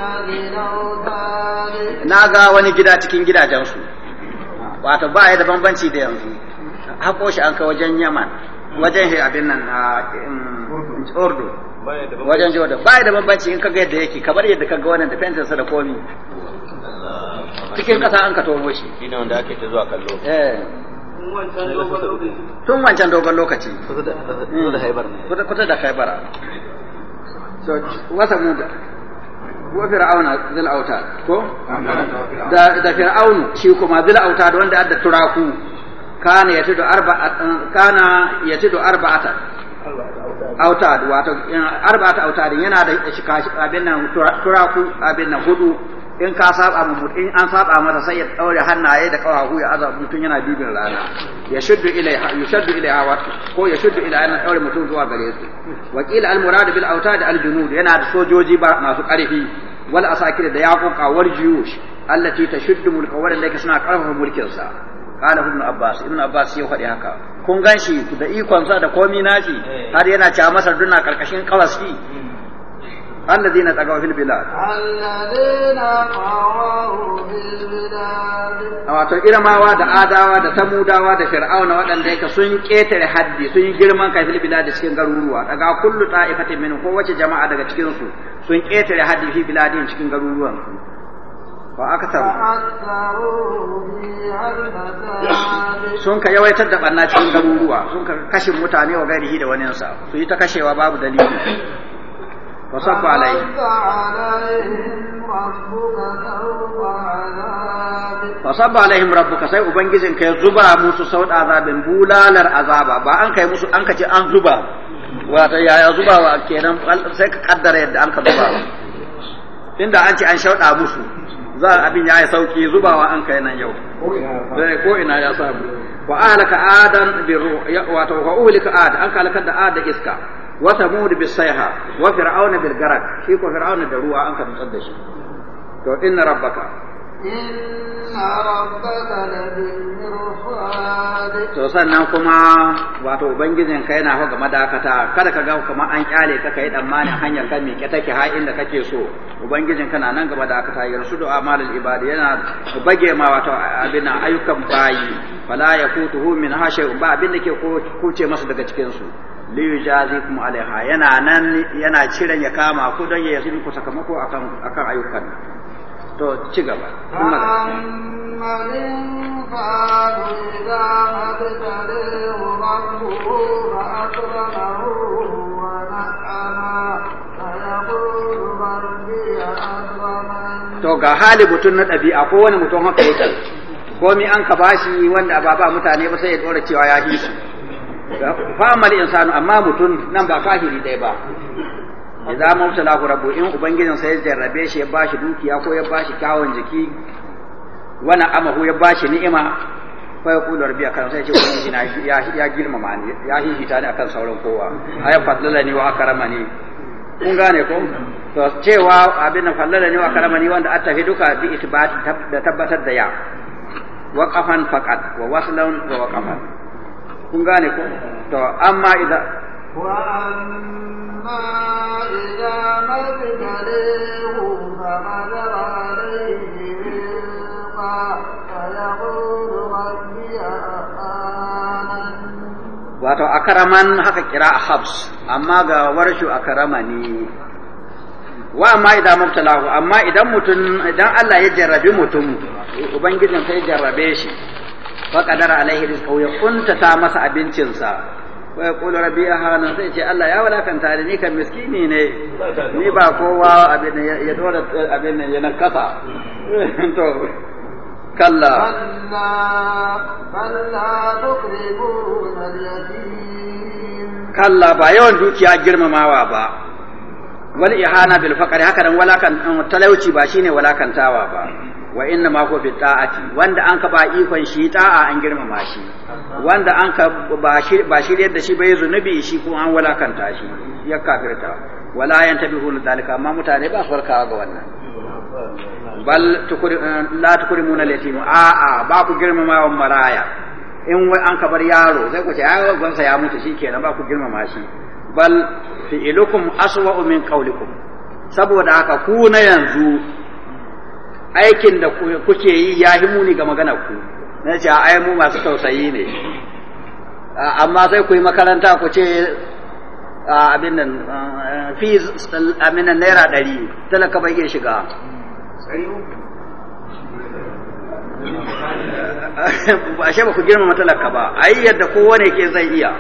na ga wani gida cikin gidajensu wato ba ya da bambanci da yanzu haƙo shi an ka wajen yaman wajen shi abin nan a ordo wajen jordan ba ya da bambanci in ka ga yadda yake kamar yadda ka ga wannan defense sa da komi cikin ƙasa an ka tobo shi Ina wanda ake ta zuwa kallo eh. tun wancan dogon lokaci kusa da ne. da haibar to muda wa fir'auna zil auta ko da da fir'aunu shi kuma zil autad wanda adda turaku kana yatidu arba'atan kana yatidu arba'atan autad wato arba'ata autadin yana da shi abin nan turaku abin nan hudu in ka saba mu in an saba mata sai ya daure hannaye da kawahu ya azab mutum yana bibin rana ya shuddu ilai ilaiha yushaddu ilaiha wa ko ya shuddu ilaiha yana daure mutum zuwa gare su wa qila al murad bil awtad al junud yana da sojoji ba masu karfi wal asakir da yaquqa wal jiyush allati tashuddu mulka wa laka suna karfafa mulkin sa qala ibn abbas ibn abbas ya faɗi haka kun ganshi da ikon sa da komi nashi eh. har yana ci masa duna karkashin kawasi hmm. الذين طغوا في البلاد الذين طغوا في البلاد wato irmawa da adawa da samudawa da fir'auna waɗanda yake sun ƙetare haddi sun yi girman kai fil da cikin garuruwa daga kullu ta'ifatin min ko wace jama'a daga cikin su sun ƙetare haddi fi biladin cikin garuruwan su fa akthar sun ka yawaitar da barna cikin garuruwa sun ka kashin mutane wa gairihi da wani sa su yi ta kashewa babu dalili فصب عليه فصب عليهم ربك sai ubangijin kai zuba musu saud azabin bulalar azaba ba an kai musu an kace an zuba wata yaya zuba wa kenan sai ka kaddara yadda an ka zuba inda an ce an shauda musu za abin ya yi sauki zubawa an kai nan yau ko ina ya samu wa ahlaka adan bi wato wa uhlika ad an kalakar da ad da iska wa samud bi sayha wa fir'auna bil garak shi ko fir'auna da ruwa an ka tsar da shi to inna rabbaka To sannan kuma wato Ubangijin ka yana ga madakata kada ka ga kuma an kyale ka kai mani hanyar me miƙe take ha inda kake so Ubangijin kana nan ga madakata. yarsu du'a malal ibadi yana bage ma wato abin ayyukan bayi fala yakutuhu min hashay ba abinda da ke kuce masa daga cikin su liyujazikum alaiha yana nan yana ciran ya kama ku don ya yi ku sakamako akan akan ayyukan to ci gaba to ga hali mutum na ɗabi'a ko wani mutum haka yake komi an ka bashi wanda ba ba mutane ba sai ya ɗora cewa ya hisu famal insanu amma mutum nan ba kafiri dai ba idza ku rabu, in ubangijin sai ya jarrabe shi ya ba shi dukiya ko ya ba shi kyawun jiki wana amahu ya ba shi ni'ima fa kula rabiya kan sai ce ubangiji na ya ya girmama ni ya hihita ni akan sauran kowa fadlala ni wa ni kun gane ko to cewa abin nan ni wa ni wanda tafi duka bi itibati da tabbatar da ya waqafan faqat wa waslan wa waqafan kun gane ko to amma idan وأما إذا ما ابتليه فقدر عليه رزقا فيقول ربي أهانن wato a karaman haka kira Ahabs. amma ga warshu a ne wa amma idan mubtalahu amma idan mutum idan Allah ya jarrabe mutum ubangijin sai jarrabe shi fa qadara alaihi rizqahu ya kuntata masa abincinsa wa yaqulu a ahana sai ce Allah ya walakanta ni kan miskini ne ni ba kowa abin ya dora abin nan ya nakasa [laughs] to kalla kalla ba yawan dukiya girmamawa ba wal ihana bil faqri haka dan walakan talauci ba shine walakantawa ba wa inna ma fi ta'ati wanda an ka ba ikon shi ta'a an girmama shi wanda an ka ba shi ba shi da shi bai zunubi shi ko an walakanta shi ya kafirta wala yantabihu li amma mutane ba su farkawa ga wannan bal la tukrimuna al-yatim a a ba ku girmama wa maraya in wai an ka bar yaro zai ku ce ai gonsa ya mutu shikenan ba ku girmama shi bal fi'ilukum aswa'u min qawlikum saboda haka ku na yanzu aikin da kuke yi ya yi muni ga magana ku na ce a mu masu tausayi ne amma sai ku yi makaranta ku ce abinan fi aminan naira ɗari talaka bai iya shiga a [laughs] ba ku girmama talaka ba a yi yadda kowane ke zai iya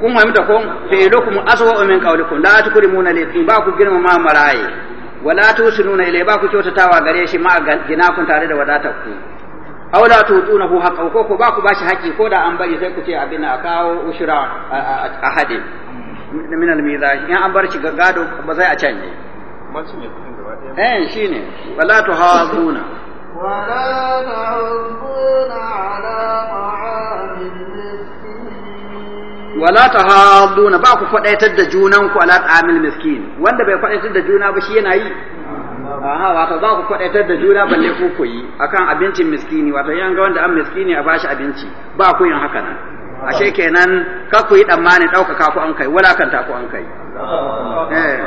kun fahimta kun fi'ilukum aswa'u ka'ulikun. qawlikum la tukrimuna laifin. ba ku girmama maraye wala sununa ilai ba ku kyautatawa gare shi ma gina kun tare da wadatar ku aw la hu haqqahu ko ko ba ku bashi haƙi ko da an bari sai ku ce abin a kawo ushura a hade min al mizaj in an bar shi gado ba zai a canje eh shine wala tuhazuna wala tahzuna ala wala tahaduna ba ku kwadaitar da junan ku ala ta'amil miskin wanda bai kwadaitar da juna ba shi yana yi aha wato za ku kwadaitar da juna balle ku koyi akan abincin miskini wato yan ga wanda an miskini a bashi abinci ba ku yin haka nan ashe kenan ka ku yi tsammanin ɗaukaka ku an kai wala walakanta ku an kai eh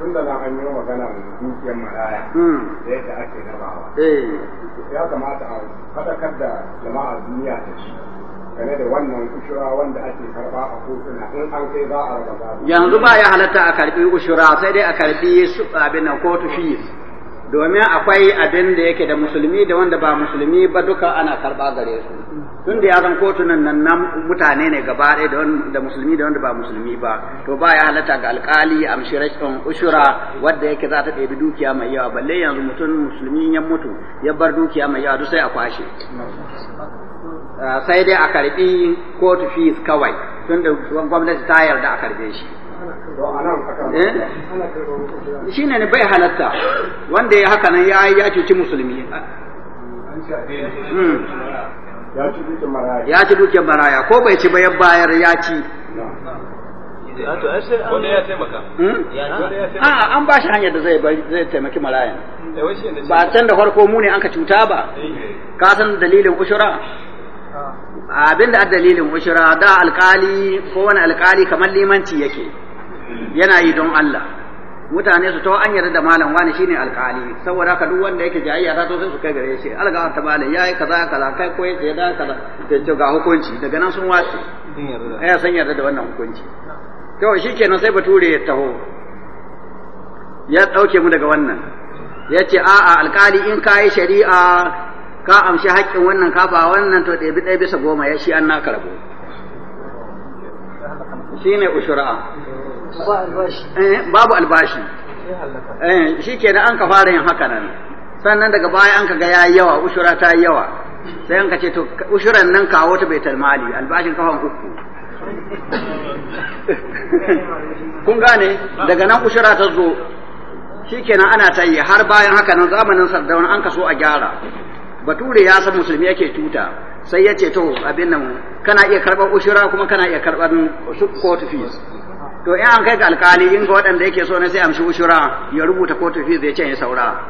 tun da an yi magana dukiyar maraya hmm. da yadda ake rabawa eh. ya kamata a fadakar da jama'a duniya ta shi game da wannan ushura wanda ake karba a kotuna in an kai za a raba yanzu ba ya halatta a karbi ushura sai dai a karbi su abin nan kotu shi domin akwai abin da yake da musulmi da wanda ba musulmi ba duka ana karba gare su tun da ya zan kotunan nan nan mutane ne gaba ɗaya da musulmi da wanda ba musulmi ba to ba ya halatta ga alkali a ɗan ushura wadda yake za ta ɗebi dukiya mai yawa balle yanzu mutum musulmi ya mutu ya bar dukiya mai yawa duk sai a kwashe Eh, sai dai a karbi court fees kawai tunda gwamnati ta yarda a karbe shi eh? shi ne bai halatta wanda ya haka nan ya ya cuci musulmi hmm. ya ci duke maraya ko bai ci bayan bayar ya ci hmm? an ba shi hanyar da zai zai taimaki marayan eh, ba can da farko mu ne an ka cuta ba ka san dalilin ushura abinda dalilin ushira da alkali ko wani alkali kamar limanci yake yana yi don Allah mutane su to an yarda da malam wani shine alkali saboda haka duk wanda yake jayayya ta to sai su kai gare shi alga ta malam yayi kaza kaza kai ko yace da kaza ke ce ga hukunci daga nan sun wace eh san yarda da wannan hukunci to shikenan sai bature ya taho ya dauke mu daga wannan yace a'a alkali in kai shari'a ka amshi haƙƙin wannan ka ba wannan to ɗebi ɗaya bisa goma ya shi an na karɓo. shi ne ushura eh, babu albashi eh, shi ke an ka fara yin haka nan sannan daga baya an ka ga ya yi yawa ushura ta yi yawa sai an ka ce to ushuran nan kawo ta bai talmali albashin kafan uku kun gane daga nan ushura ta zo Shi kenan ana ta yi har bayan haka nan zamanin sardauna an kaso a gyara bature ya san musulmi yake tuta sai ya ce to abin nan kana iya karɓar ushura kuma kana iya karɓar court fees to in an kai ga alkali in ga waɗanda yake so na sai amshi ushura ya rubuta court fees ya ce ya saura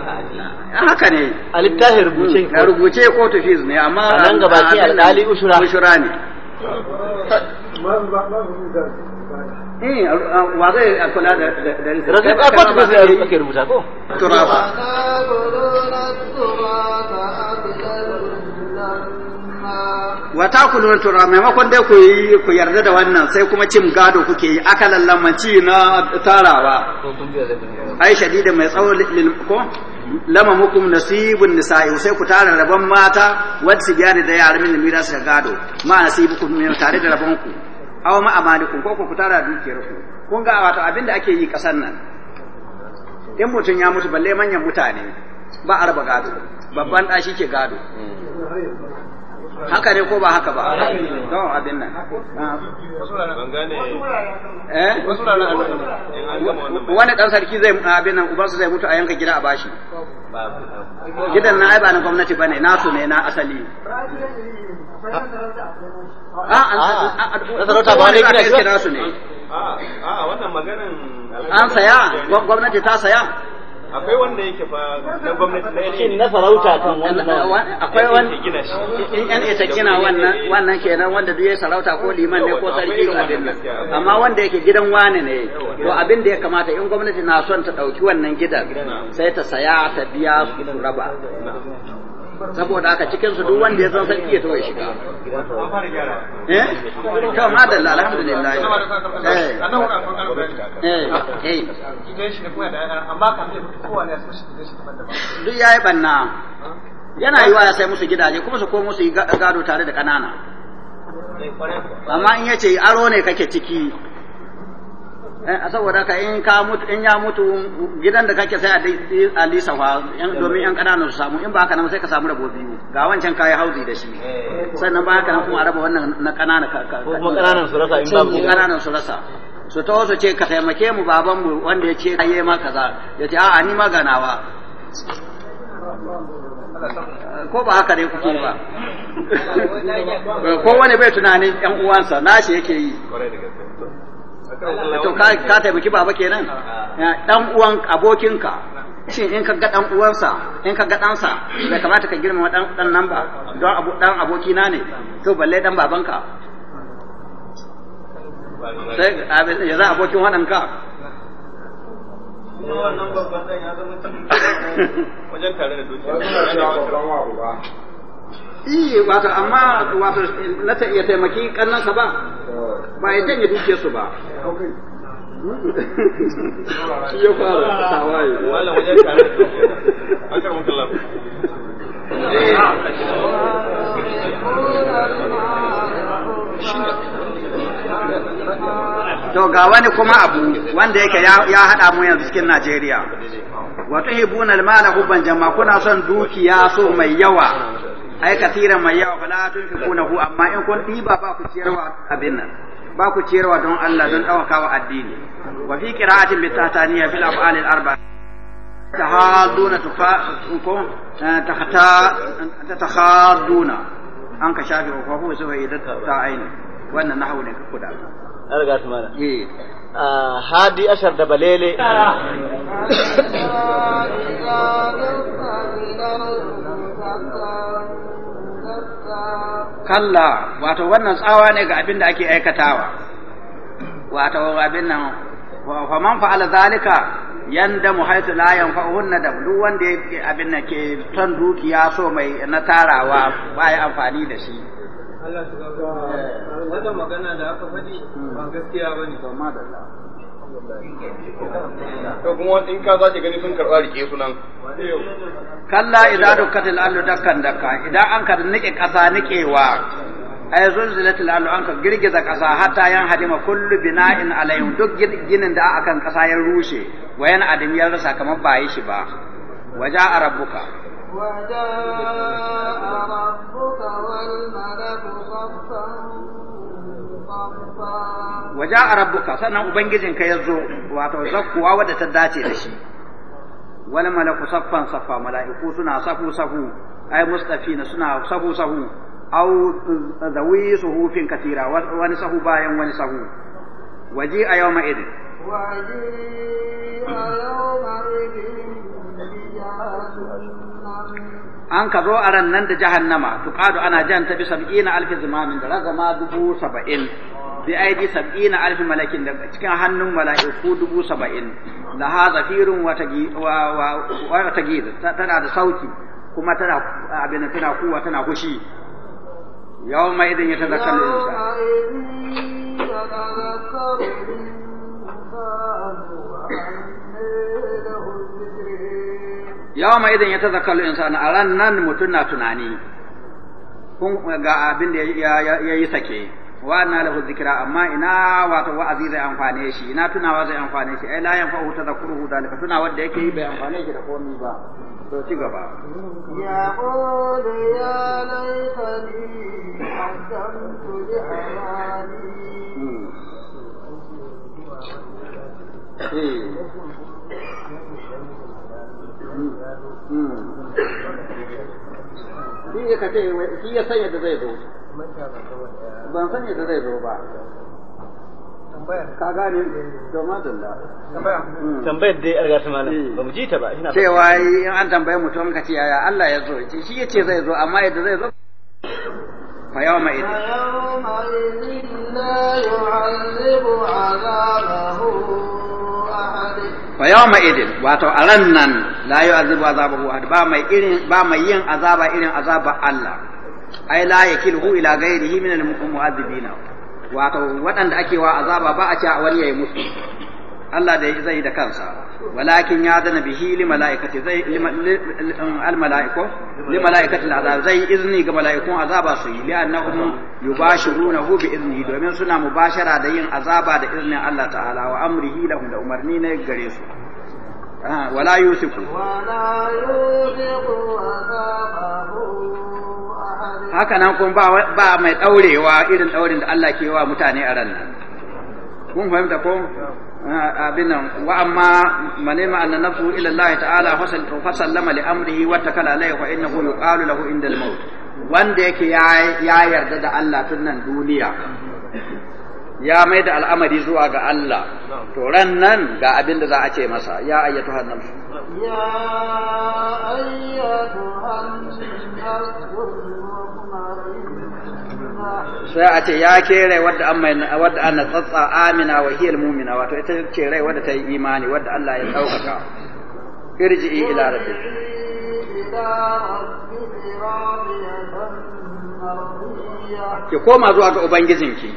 haka haka ne a littafin rubuce ko hmm, rubuce court fees ne amma a nan gaba ke alƙali ushura ushura ne eh, eh wa zai eh, kula da da ba sai ah, eh, rubuta ko turaba maimakon dai ku yi ku yarda da wannan sai kuma cin gado kuke yi aka lamanci na tarawa ai shadida mai tsawo ko lama hukum nasibun nisa'i sai ku tara rabon mata wadda su da yaran min mira su gado ma nasibukum tare da rabon ku hawa ma amalikum ko ku tara dukiyar ku kun ga wato abin da ake yi kasar nan in mutum ya mutu balle manyan mutane ba arba gado babban ɗashi ke gado haka ne ko ba haka ba don abin nan eh? wani ɗan sarki zai abin nan su zai mutu a yanka gida a bashi gidan na aiba na gwamnati bane nasu ne na asali ah, ah, ah, a an sarauta ba ne gida gidan nasu ne a wannan an saya gwamnati ta saya akwai wanda yake fa na gwamnati na shin na sarauta kan wannan akwai wanda gina shi in an ita gina wannan wannan kenan wanda duk ya sarauta ko liman ne ko sarki ko abin nan amma wanda yake gidan wani ne to abin da ya kamata in gwamnati na son ta dauki wannan gidan sai ta saya ta biya su raba saboda haka cikin su duk wanda ya zan sarki ya to shiga eh to madalla alhamdulillah eh eh eh eh amma kan kafin kowanne su shi duk yayi banna yana yi wa ya sai musu gidaje kuma su komo su gado tare da kanana amma in yace aro ne kake ciki Eh, saboda ka in ka mutu in ya mutu gidan da kake sai a lisa fa domin yan kananan su samu in ba haka nan sai ka samu rabo biyu ga wancan kai hauzi da shi sannan ba haka nan kuma araba wannan na kanana ka ko kananan su rasa in ba mu kananan su rasa su ta wasu ce ka taimake mu baban mu wanda ya ce aye ma kaza ya ce a ni maganawa ko ba haka dai kuke ba [laughs] ko wani bai tunanin yan uwansa nashi yake yi to ka taimaki baba kenan dan uwan abokinka shin in ka ga dan uwarsa in ka ga dansa bai kamata ka girmama dan dan nan ba don abu dan abokina ne to balle dan babanka sai ya za abokin waɗanka wannan babban dan ya zama wajen tare da dukiya Iyi wato amma wato na ta iya taimaki kannansa ba ba ya janye duke su ba. Shi ya fara tawaye. Malam wajen To ga wani kuma abu wanda yake ya haɗa mu yanzu cikin Najeriya. Wato hibunal mala hubban jama'a kuna son dukiya so mai yawa ai katiran mai yawa fala tun fi hu amma in kun ɗiba ba ku ciyarwa abin nan ba ku ciyarwa don Allah don ɗaukakawa addini wa fi qira'atin bi tataniya fil af'al al arba tahaduna tufa ko tahata tatahaduna an ka shafi ko ko huwa sawa idan ta aini wannan nahawu ne ka kuda an riga su eh hadi ashar da balele kalla wato wannan tsawa ne ga abin da ake aikatawa wato abin nan fa man fa'ala zalika yanda mu haitu la yanfa'uhunna da duk wanda abin nan ke ton dukiya so mai na tarawa ba baya amfani da shi Allah su ah. magana da aka faɗi hmm. ba gaskiya ba ne. To kuma in ka za gani sun karɓa rike su nan. Kalla idan dukkatil allu dakkan idan an ka nike ƙasa nikewa ay zulzilatil allu an ka girgiza ƙasa hatta yan hadima kullu bina'in alayhim duk ginin da akan ƙasa ya rushe wa yana ya rasa kamar ba yi shi ba waja rabbuka وجاء ربك والملك صفا صفا وجاء ربك sannan ubangijin ya zo wato zakkuwa wadda ta dace da shi wal malaku saffan saffa mala'iku suna safu safu ai mustafina suna safu safu au zawi suhufin katira wani sahu bayan wani sahu waji a yawma idin an ka zo a ran nan da jahannama tuqadu ana jan ta bi sab'ina alfi zimamin da ragama dubu saba'in bi aidi sab'ina alfi malakin da cikin hannun mala'iku dubu saba'in da ha zafirun wa tagid tana da sauki kuma tana abin tana kuwa tana kushi yawma idan ya tazakkaru insan yawma idan ya tazakkalu insani a ran nan mutum na tunani kun ga abin da ya yi sake wa na lafi zikira amma ina wata wa'azi zai amfane shi ina tunawa zai amfane shi ai la yanfa'u da dalika tuna wanda yake yi bai amfane shi da komi ba to ci gaba ya qulu ya laitani hakamtu a amali shi ya kace shi ya sanya da zai zo ban sanya da zai zo ba ka gane domin danda hmm. tambayar dai a gasa malam eh. ba mu ji ta ba cewa in an tambaye mutum ka ce yaya Allah ya zo shi ya ce zai zo amma yadda zai zo yau فيومئذ فيومئذ لا يعذب عذابه fa yawma idin wato a ran nan la yu'azibu azabahu ba mai irin ba mai yin azaba irin azaba Allah ai la yakilhu ila ghairihi min al wato waɗanda ake wa azaba ba a ci a wani yayi musu Allah da zai da kansa walakin ya dana bihi li malaikati zai um, al malaiko li malaikati al azab zai izini ga malaikun azaba su yi li annahum yubashirunahu bi izni domin suna mubashara da yin azaba da iznin Allah ta'ala wa amrihi lahum da umarni ne gare su wala ah, yusifu wala yusiku haka nan kun ba mai daurewa irin daurin da Allah ke wa mutane a ran nan kun fahimta ko abinan wa amma ma anna nafsu ila Allah ta'ala fa sallama li amrihi wa takala lahu wa innahu yuqalu lahu inda al-maut wanda yake ya yarda da Allah tun nan duniya ya mai da al'amari zuwa ga Allah to ran nan ga abin da za a ce masa ya ayyatu hannam ya ayyatu hannam sai a ce ya ke rai wadda an mai wadda an tsatsa amina wa hiyal mu'mina wato ita ce rai wadda ta yi imani wadda Allah ya daukaka irji ila rabbi ki koma zuwa ga ubangijinki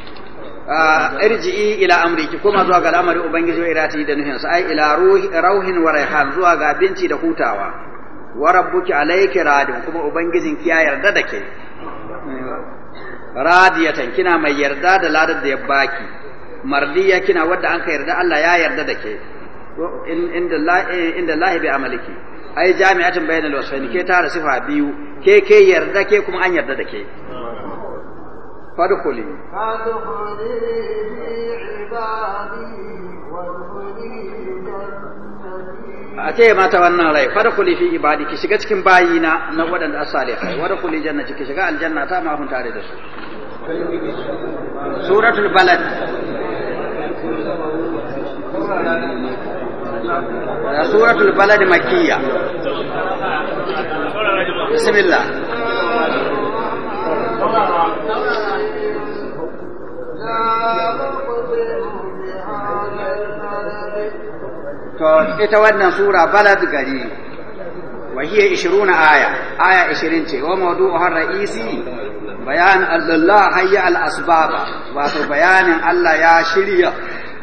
irji ila amri ki koma zuwa ga al'amari ubangiji wa irati da nuhin sai ai ila ruhi rauhin wa raihan zuwa ga abinci da hutawa wa rabbuki alayki radin kuma ubangijinki ya yarda da ke radiyatan kina mai yarda da ladar da ya baki mardiya kina wadda an ka yarda Allah ya yarda da ke inda inda lahi bi amaliki ai jami'atin bainal wasfaini ke tara sifa biyu ke ke yarda ke kuma an yarda da ke fadkhuli fadkhuli ibadi a ce mata wannan rai fada kuli fi ibadi ki shiga cikin bayina na waɗanda as-salihai wada kuli jannati ki shiga aljanna ta ma hun tare da su suratul balad suratul balad makkiya bismillah لا to ita wannan sura balad gari wa hiya 20 aya aya 20 ce wa har ra'isi bayan Allah hayya al asbaba wato bayanin Allah ya shirya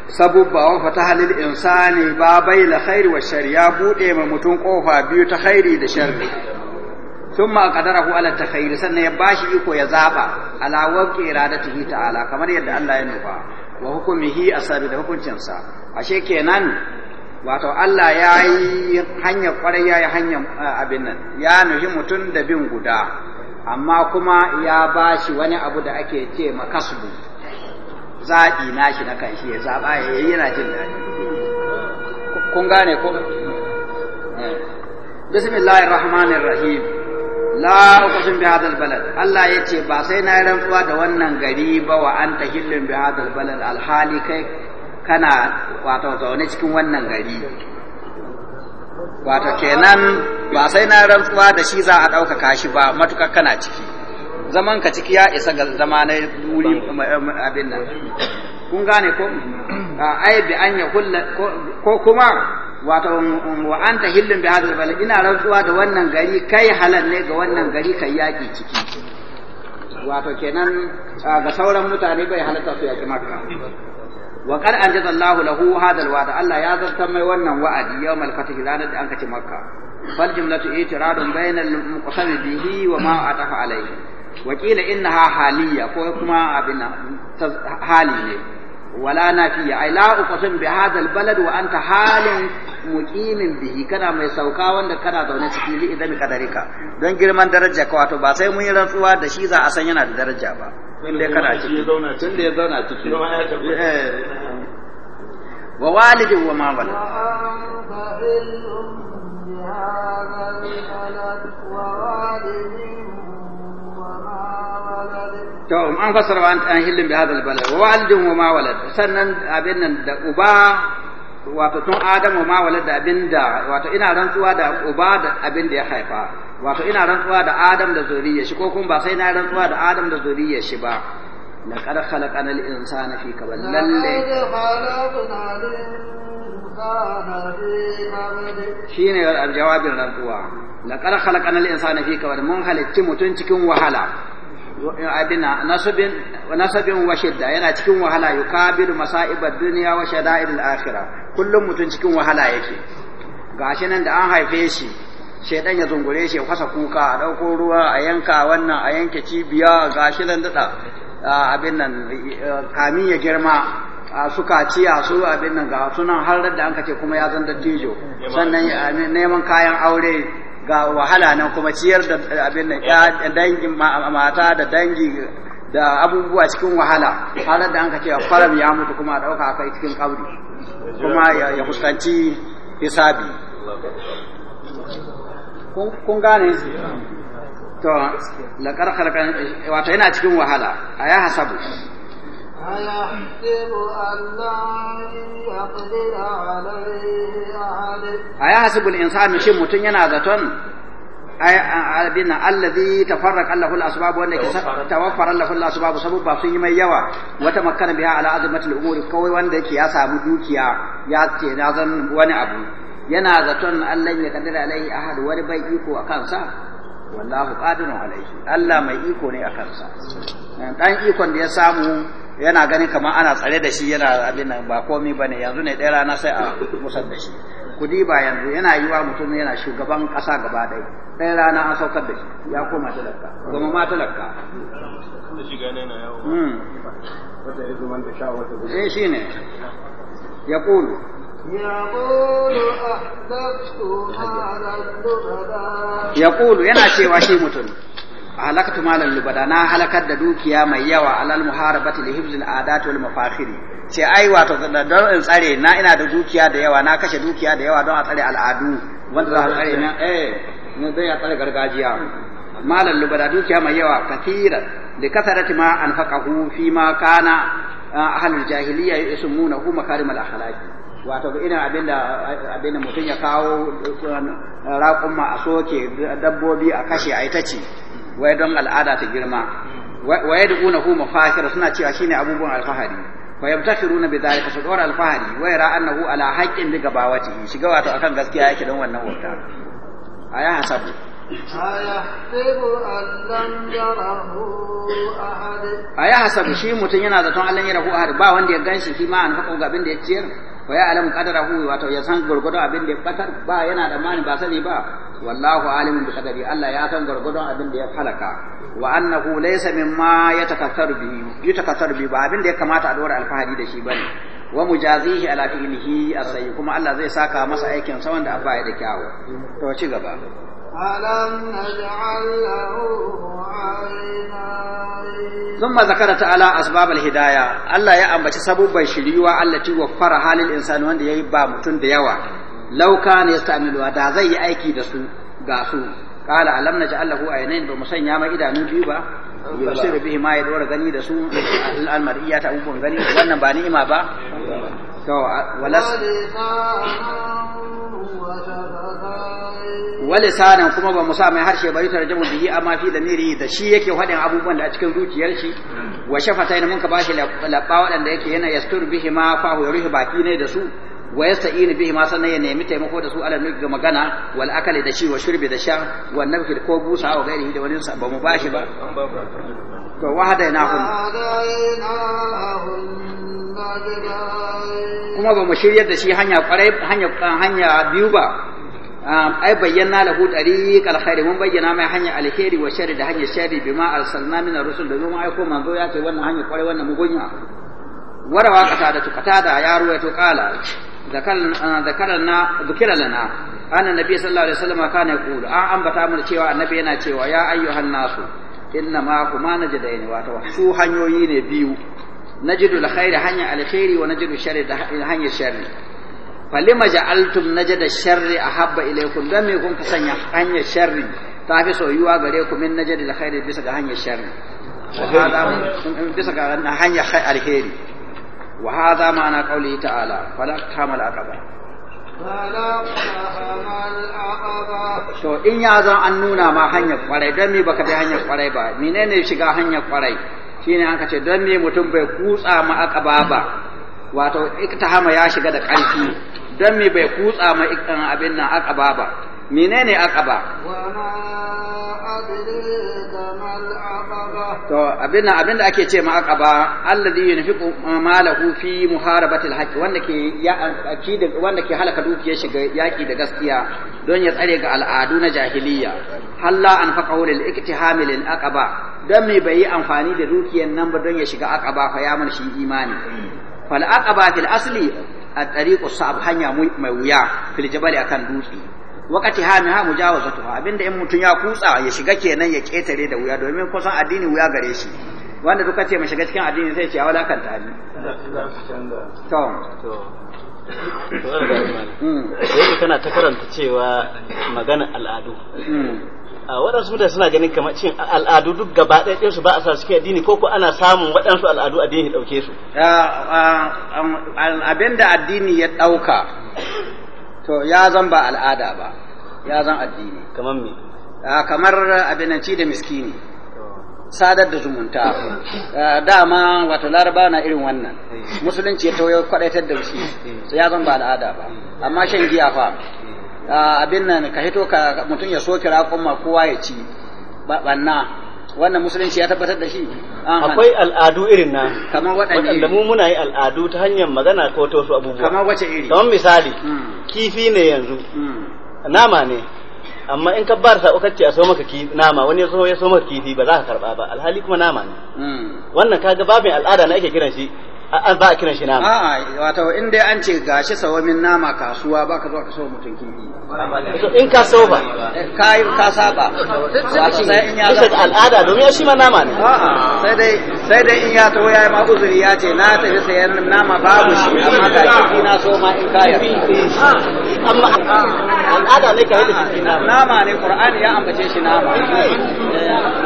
sabubba wa fataha lil insani bai la khairi wa shari ya bude ma mutum kofa biyu ta khairi da sharri thumma qadarahu ala kairi sannan ya bashi iko ya zaba ala waqi iradatihi ta'ala kamar yadda Allah ya nufa wa hukumihi asabi da hukuncinsa ashe kenan wato Allah ya yi hanyar kwarai ya yi hanyar eh, abin nan ya nufi mutum da bin guda amma kuma ya ba shi wani abu da ake ce makasubu zaɓi na shi na kan shi ya zaɓa ya yi yana jin daɗi kun gane ko eh. bismillahir rahmanir rahim la uqsim bi hadal balad Allah yace ba sai na yi rantsuwa da wannan gari ba wa anta hillin bi hadal balad alhali kai kana wato zaune cikin wannan gari wato kenan ba sai na rantsuwa da shi za a ɗaukaka shi ba matuƙar kana ciki zaman ka ciki ya isa ga zama na wuri abin nan kun gane ko ai bi an ya hulla ko kuma wato wa anta hillin bi hadal bal ina rantsuwa da wannan gari kai halal ne ga wannan gari kai yaki ciki wato kenan ga sauran mutane bai halatta su yaki makka wa qad anjaza lahu hadha alwa'd Allah ya zartar mai wannan wa'adi yawmal fath ranar da anka ci makka fal jumlatu itiradun bainal muqsam bihi wa ma atafa alayhi wa qila innaha haliyya ko kuma abin hali ne wala nafiya ai la uqsim bi hadha al balad wa anta halin muqimin bihi kana mai sauka wanda kana zaune ciki li idan kadarika don girman daraja ka ba sai mun yi rantsuwa da shi za a san yana da daraja ba inda kana ciki tun da ya zauna ciki wa walidin wa ma walad to an fasara wa an hillin bi hadal balad wa walidin wa ma walad sannan abin nan da uba wato tun adamu ma walad da abin da wato ina rantsuwa da uba da abin da ya haifa wato ina rantsuwa da adam da zuriyar shi ko kuma ba sai na rantsuwa da adam da zuriyar shi ba لقد خلقنا الإنسان في كبد لقد خلقنا الإنسان في كبد شين الجواب الرضوع لقد خلقنا الإنسان في كبد من خلقت متنتكم وهلا abina nasabin nasabin wa shidda yana cikin wahala yukabilu masa'ibad dunya wa shada'il akhirah kullum mutum cikin wahala yake gashi nan da an haife shi shaidan ya zungure shi ya fasa kuka a ɗauko ruwa a yanka wannan a yanke cibiya gashi nan dada abin nan kamin ya girma su a su abin nan ga sunan har da an kace kuma ya zan da dattijo sannan neman kayan aure ga wahala nan kuma ciyar da abin nan ya dangi mata da dangi da abubuwa cikin wahala har da an kace faram ya mutu kuma dauka akai cikin kabri kuma ya fuskanci hisabi kun gane to laƙar halkan wato yana cikin wahala a ya hasabu a ya hasabu insani shi mutum yana zaton abin allazi tafarraq allahu al-asbab wanda ke tawaffara allahu al-asbab sababba sun yi mai yawa wata makkana biha ala azmati al-umuri kawai wanda yake ya samu dukiya ya ce na zan wani abu yana zaton Allah ya kaddara alai ahad wani bai iko a kansa wallahu qadirun alaihi Allah mai iko ne a kansa dan ikon da ya samu yana ganin kamar ana tsare da shi yana abin nan ba komi bane yanzu ne ɗaya rana sai a musar da shi kudi ba yanzu yana yiwa mutum yana shugaban ƙasa gaba ɗaya ɗaya rana an saukar da shi ya koma talaka goma ma talaka hmm. eh shi ne ya ƙulu yaqulu yana cewa shi mutum halakatu malan lubada na halakar da dukiya mai yawa alal muharabati li hibzil adat wal mafafiri. sai ai wato don in tsare na ina da dukiya da yawa na kashe dukiya da yawa don a tsare al'adu wanda za a tsare na eh mun zai a tsare gargajiya malan lubada dukiya mai yawa kathira da kasarati ma anfaqahu fi ma kana ahlul jahiliya yasmunahu makarim al akhlaqi wato ga ina abin da abin da mutum ya kawo raƙumma a soke dabbobi a kashe a ita ce wai don al'ada ta girma kuna yad'unahu mafahira suna cewa shine abubuwan alfahari fa yabtakhiruna bi dhalika su dora alfahari wai ra annahu ala haqqin bi gabawati shiga wato akan gaskiya yake don wannan wata aya hasabu aya hasabu shi mutum yana zaton Allah ya rahu ahad ba wanda ya ganshi shi ma an faɗo ga abin da ya ciyar wa ya alamu qadarahu wato ya san gurgudo abin da ya batar ba yana da mani ba sani ba wallahu alimu bi qadari Allah ya san gurgudo abin da ya halaka wa annahu laysa mimma yatakassaru bihi yatakassaru bi ba abin da ya kamata a dora alfahari da shi bane wa mujazihi ala fi'lihi asai kuma Allah zai saka masa aikin sa wanda abba ya da kyawu to ci gaba ألم نجعل له ثم ذكر تعالى أسباب الهداية الله يا أمبتي سبب شريوة التي وفر حال الإنسان وأن يبا متون ديوا لو كان يستعمل ودا زي أيكي دسو غاسو قال ألم نجعل له عينين بمسين ياما إدانو بيوبا yusir به ما يدور غني gani da su al'almariyya ta abubuwan gani wannan ba ni'ima ba wale walisanan kuma ba mu sa mai harshe ba yutar jamu bihi amma fi da damiri da shi yake hadin abubuwan da a cikin zuciyar shi hmm. wa shafatai mun ka bashi labba waɗanda yake yana yastur bihi ma fa hu yurihi baki ne da su wa yasta'inu bihi ma sannan ya nemi taimako da su ala nuki ga magana wal akali da shi wa shurbi da sha wa nafki ko busa wa gairi da wani sa ba mu bashi ba to wahadainahum kuma ba mu shiryar da shi hanya kwarai hanya hanya biyu ba ah, ai bayyana lahu tariqal khair mun bayyana mai hanya alheri wa sharri da hanya sharri bima arsalna min ar-rusul da mun aiko manzo ya ce wannan hanya kwarai wannan mugunya warawa kata da tukata da ya ruwaito kala zakarna zukira lana anna nabi sallallahu alaihi wasallam kana yaqulu an ambata mana cewa annabi yana cewa ya ayyuhan nasu inna ma kuma najdaini wato su hanyoyi ne biyu najidu alkhairi hanya alkhairi wa najidu sharri da hanya sharri falima ja'altum najda sharri ahabba ilaykum dan me kun kasanya hanya sharri ta fi soyuwa gare ku min najdi bisa ga hanya bisa hanya وهذا معنى قوله تعالى فلقتهم العقبة to in ya zan an nuna ma hanyar kwarai don me baka bi hanyar kwarai ba menene shiga hanyar kwarai shine an ce don me mutum bai kutsa ma akaba ba wato iktahama ya shiga da ƙarfi don me bai kutsa ma ikan eh, abin nan akaba ba menene akaba wa ma adri da to abin abin da ake ce ma aqaba alladhi yunfiqu malahu fi muharabati haqq wanda ke ya akida wanda ke halaka dukiyar shiga yaki da gaskiya don ya tsare ga al'adu na jahiliya halla anfaqahu lil iktihamil lil aqaba dan me bai amfani da dukiyar nan ba don ya shiga aqaba fa ya mun shi imani fal aqaba fil asli at-tariqu sa'ab hanya mai wuya fil jabal akan dutse wakati ha minha mujawazatuha abinda in mutun ya kutsa ya shiga kenan ya ketare da wuya domin kusan addini wuya gare shi wanda duka ce mu shiga cikin addini sai ce ya ta ni to to kana ta karanta cewa magana al'adu hmm. a waɗansu da suna ganin kamar cin al'adu duk gaba ɗaya ɗinsu ba a sa suke addini ko ko ana samun waɗansu al'adu addini ɗauke su abinda addini ya ɗauka to ya zan ba al'ada ba ya zan addini ah, kamar me kamar abinanci da miskini sadar da zumunta ah, dama wato laraba na irin wannan musulunci ya tauye kwadaitar da shi ya zan ba al'ada ba amma shan giya fa ah, abin nan ka hito ka mutum ya soke kira kuma kowa ya ci banna wannan musulunci ya tabbatar da shi akwai al'adu irin na kamar waɗanda mu muna yi al'adu ta hanyar magana ko ta wasu abubuwa kamar wace iri kamar misali hmm. kifi ne yanzu hmm. nama ne amma in ka bar sa'o kace a so maka kifi nama wani yaso ya so maka kifi ba za ka karba ba alhali kuma nama ne hmm. wannan kaga babin al'ada na ake kiran shi za a kiran shi nama a'a wato in dai an ce gashi sawamin nama kasuwa ba ka zo ka sawo mutum kifi in ka sawo ba eh, ka ka saba sai in ya zama al'ada domin shi ma nama ne a'a sai dai sai dai in ya tawo yayi ma uzuri ya ce na tafi sayan nama babu shi amma ka kifi na so ma in ka amma al'ada ne ka yi da kifi nama Nama ne qur'ani ya ambace shi nama eh, eh,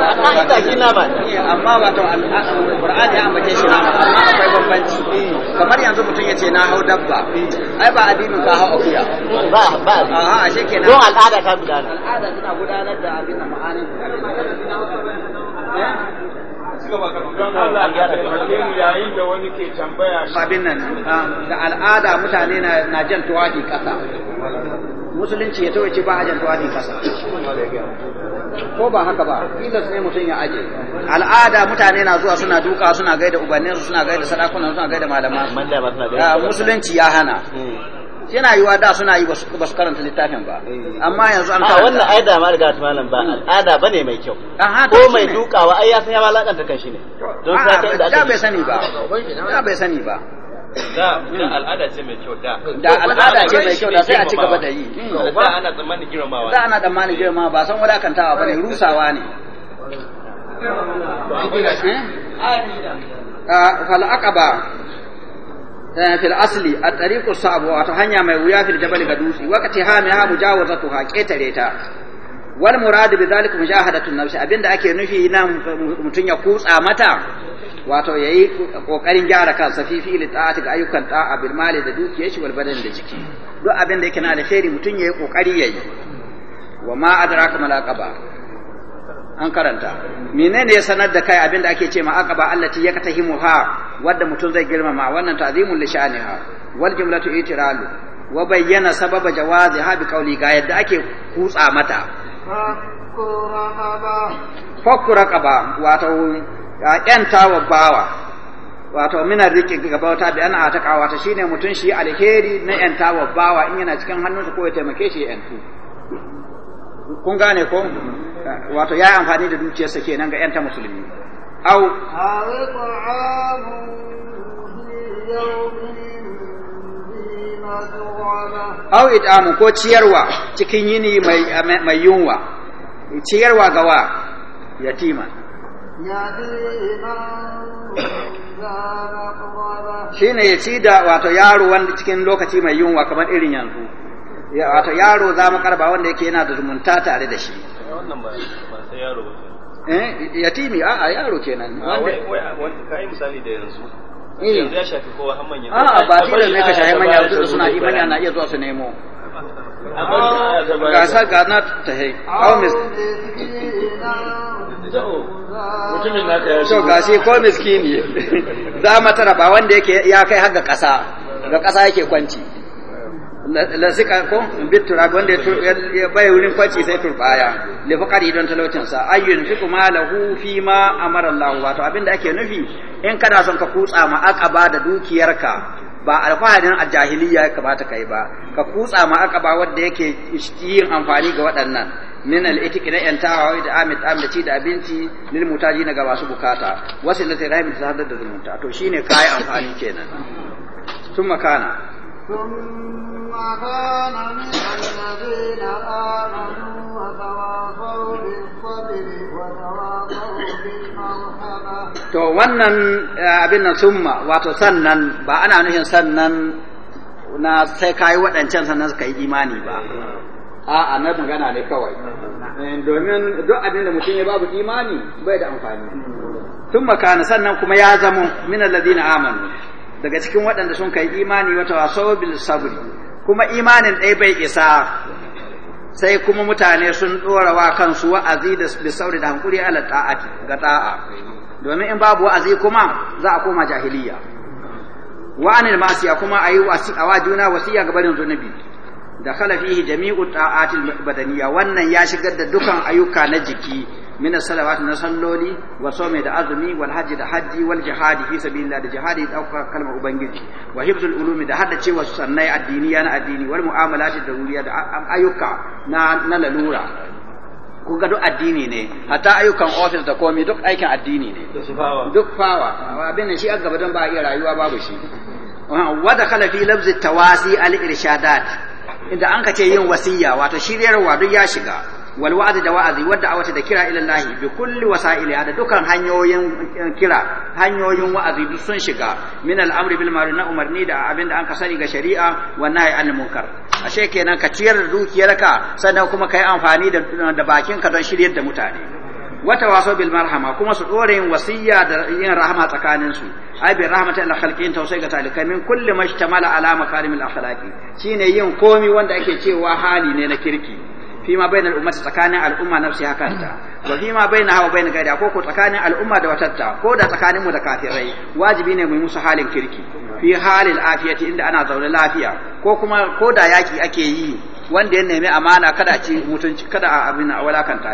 a ka'ida shi nama ne amma wato al'ada qur'ani ya ambace shi nama amma akwai bambanci kamar yanzu mutum ya ce na hau dabba ai ba addinin ka hau akuya ba ba a a ashe kenan don al'ada ta gudana al'ada tana gudanar da abin da ma'anin da abin nan da al'ada mutane na jan tuwaki kasa musulunci ya tawace ba a jan tuwaki kasa ko ba haka ba kila sai mutum ya aje al'ada mutane na zuwa suna duka suna gaida su suna gaida sadakunan suna gaida malaman musulunci ya hana yana yiwa da suna yi ba su karanta littafin ba amma yanzu an karanta wannan ai da ma riga malam ba al'ada bane mai kyau ko mai dukawa ai ya san ya malakanta kan shi ne don sai ka inda aka bai sani ba bai sani ba da al'ada ce mai kyau da da al'ada ce mai kyau da sai a ci gaba da yi da mm. ana tsammanin girmamawa da ana tsammanin girmamawa ba san wadakantawa bane rusawa ne eh? ah, fal aqaba eh, fil asli a tariqu sabuwa ta hanya mai wuya fil jabal ga dutse wakati ha mai ha mujawazatuha ketare ta wal murad bi zalika mujahadatu nafs abinda ake nufi nan mutun ya kutsa mata wato yayi kokarin gyara kansa fi fi'li ta'ati ga ayyukan ta'a bil mali da dukiyar shi wal badan da jiki duk abinda yake na alheri mutun yayi kokari yayi wa ma adraka malaqaba an karanta menene ya sanar da kai abinda ake ce ma aqaba allati ha, wadda mutun zai girmama wannan ta'zimul li sha'niha wal jumlatu itiralu wa bayyana sababa jawazi ha bi qawli ga yadda ake kutsa mata fakku raqaba wato ya kyanta wa bawa wato minar rike gaba bauta bi ana ta kawata shine mutun shi alheri na yanta wa bawa in yana cikin hannunsa ko ya taimake shi yantu kun gane ko wato ya amfani da dukiyarsa kenan ga yanta musulmi au au id'amu ko ciyarwa cikin yini mai mai yunwa ciyarwa ga wa yatima shine ya ci da wato yaro wanda cikin lokaci mai yunwa kamar irin yanzu wato yaro za mu karba wanda yake yana da zumunta tare da shi wannan ba sai yaro ba eh yatimi a yaro kenan ah, wanda kai misali da yanzu Eh. yanzu ya ba ne ka shafi manya ba suna na iya zuwa su nemo gasa gasi ko miskini [laughs] za matara ba wanda yake ya kai har ga ga kasa yake kwanci lasika ko bitura wanda ya bai wurin kwaci sai turbaya le faqari don talaucin sa ayyun kuma lahu fi ma amara Allah wato abinda ake nufi in kana son ka kutsa ma aqaba da dukiyarka ba alfaharin ajahiliya ya kamata kai ba ka kutsa ma aqaba wanda yake yin amfani ga waɗannan min al itiki na yantawa da amit da da abinci lil mutaji na ga masu bukata wasilatu rahim da da zumunta to shine kai amfani kenan tun makana ثم كان من الذين آمنوا وتواصوا بالصبر وتواصوا بالمرحمة to wannan eh, abin nan summa wato sannan ba ana nufin sannan na sai kayi waɗancan sannan suka yi imani ba a'a na magana ne kawai eh, domin duk abin da mutum ya babu imani bai da amfani summa kana sannan kuma ya zama min alladhina amanu daga cikin waɗanda sun kai imani wata waso bil sabri kuma imanin ɗai bai isa sai kuma mutane sun ɗora wa kansu wa'azi da bil sabri da hankuri ala ta'ati ga ta'a domin in babu wa'azi kuma za a koma jahiliya wa anil masiya kuma ayi wa juna wasiya ga barin zunubi da khala jami'u ta'atil badaniya wannan ya shigar da dukan ayyuka na jiki min as-salawat na salloli wa sawmi da azumi walhaji da hajji wal jihadi fi sabilillah da jihadi dauka kalmar ubangiji wa hifzul ulumi da hadda cewa sannai addiniya na addini wal mu'amalat da wuriya da ayyuka na lalura kun duk addini ne hatta ayyukan ofis da komai duk aikin addini ne duk fawa abin nan shi an gaba don ba iya rayuwa babu shi wa dakhala fi lafzi tawasi al irshadat inda ankace yin wasiya wato shiryarwa duk ya shiga Walwa'azi da wa'azi wa da'awati da kira ila Allah bi kulli wasa'ili da dukkan hanyoyin kira hanyoyin wa'azi duk sun shiga min al amri na umarni da abinda aka sani ga shari'a wa nahi anil munkar ashe kenan ka ciyar da dukiyarka sannan kuma kai amfani da bakinka don shiryar da mutane wata waso bil marhama kuma su dore yin wasiyya da yin rahama tsakanin su ai bi rahmata ila khalqin tausayi ga talikai min kulli mashtamala ala makarimil akhlaqi shine yin komi wanda ake cewa hali ne na kirki fi ma bainal ummati tsakanin al'umma nafsi hakanta wa fi ma bainaha wa bain gaida ko ko tsakanin al'umma da ko da tsakanin mu da kafirai wajibi ne mu yi musu halin kirki fi halil afiyati inda ana zaune lafiya ko kuma ko da yaki ake yi wanda ya nemi amana kada ci a abin a walakanta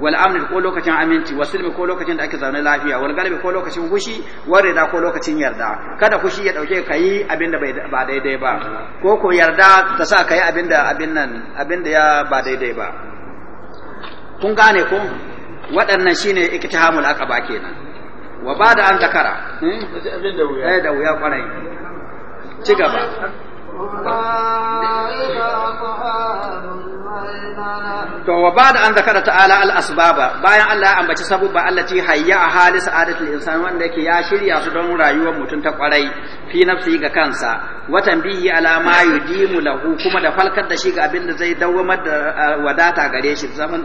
wal amn ko lokacin aminci wa sulmi ko lokacin da ake zaune lafiya wal galbi ko lokacin hushi wal rida ko lokacin yarda kada hushi ya dauke ka yi abinda ba daidai ba ko ko yarda ta sa ka yi abinda abin nan abinda ya ba daidai ba kun gane ko waɗannan shine iktihamul aqaba kenan wa ba da an zakara hmm? eh da wuya kwarai ci gaba to wa ba da an zakara ta'ala al asbaba bayan Allah ya ambaci sabubba allati hayya a halin sa'adatul insan wanda yake ya shirya su don rayuwar mutum ta kwarai fi nafsi ga kansa watan biyu ala ma yudimu lahu kuma da falkar da shi ga abin da zai dawwamar da eh, wadata gare shi zaman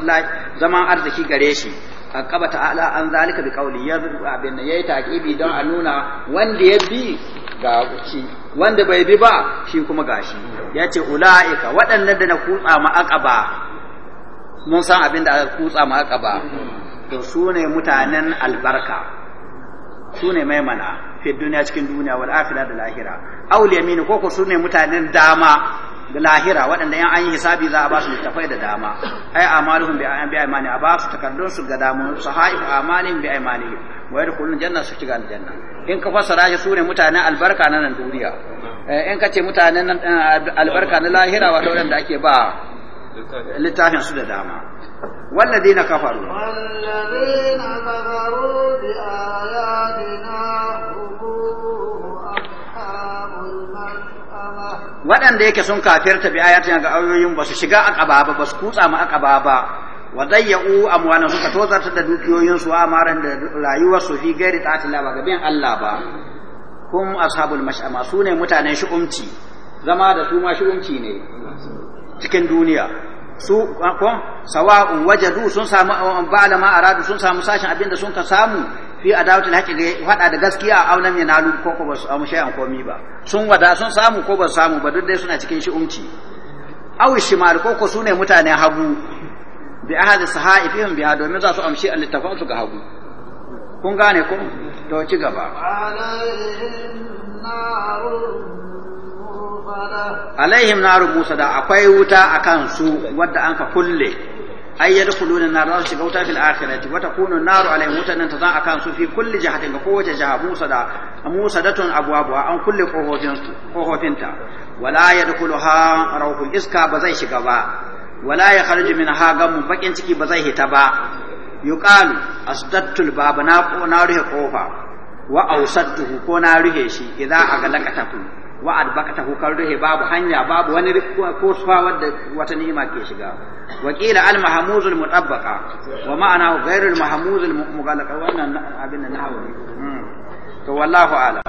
zaman arziki gare shi qaqqaba ala an zalika bi kauli ya abin yayi taqibi don a nuna wanda ya bi ga shi wanda bai bi ba shi kuma gashi yace ulaika waɗannan da na kutsa ma aqaba mun san abin da kutsa ma aqaba to sune mutanen albarka sune maimana fi duniya cikin duniya wal akhirah da lahira awliya mini ko ko sune mutanen dama lahira waɗanda yan an yi hisabi za a ba su littafai da dama ai amaluhum bi an bi imani a ba su takardun su ga damun su haif amalin bi imani wa yadkhulun janna su shiga aljanna in ka fassara shi sune mutanen albarka na nan duniya eh, in ka ce mutanen eh, albarka na lahira wato waɗanda ake ba littafin su da dama والذين كفروا والذين كفروا بآياتنا waɗanda yake sun kafirta bi ayatin ga ayoyin ba su shiga aqaba ba ba su kutsa ma aqaba ba wa dayya'u amwalan suka tozarta da dukiyoyin su amaran da rayuwar su fi gairi Allah ba gaben Allah ba kum ashabul mash'ama su ne mutanen shi'umci zama da su ma shi'umci ne cikin duniya su ko sawa'un wajadu sun samu ba'ala aradu sun samu sashin abinda sun ka samu fi adawatul haqqi ga fada da gaskiya a aw lam nalu ko ko basu amu shay'an komi ba sun wada sun samu ko basu samu ba duk dai suna cikin shi umci aw shimal ko ko sune mutane hagu bi ahadi sahaifihim biha domin za su amshi al-littafan su ga hagu kun gane ko to ci gaba alaihim naru musa sada akwai wuta akan su wadda an ka kulle ay yadkhuluna nar za su shiga wuta fil akhirati wa takunu nar alaihim wutan ta za akan su fi kulli jahatin ga kowace jaha musa da musa datun an kulle kohofin su kohofinta wala yadkhuluha rauhul iska ba zai shiga ba wala ya kharju minha gamun bakin ciki ba zai hita ba yuqalu asdattul baba na na ruhe kofa wa ausadtuhu ko na ruhe shi idan aga lakatafu wa adbakatahu karduhe babu hanya babu wani ko suwa wadda wata ni'ima ke shiga wa qila al mahmuzul mutabbaqa wa ma'anahu ghairul mahmuzul mughallaqa wannan abin nan hawo hmm. to wallahu a'lam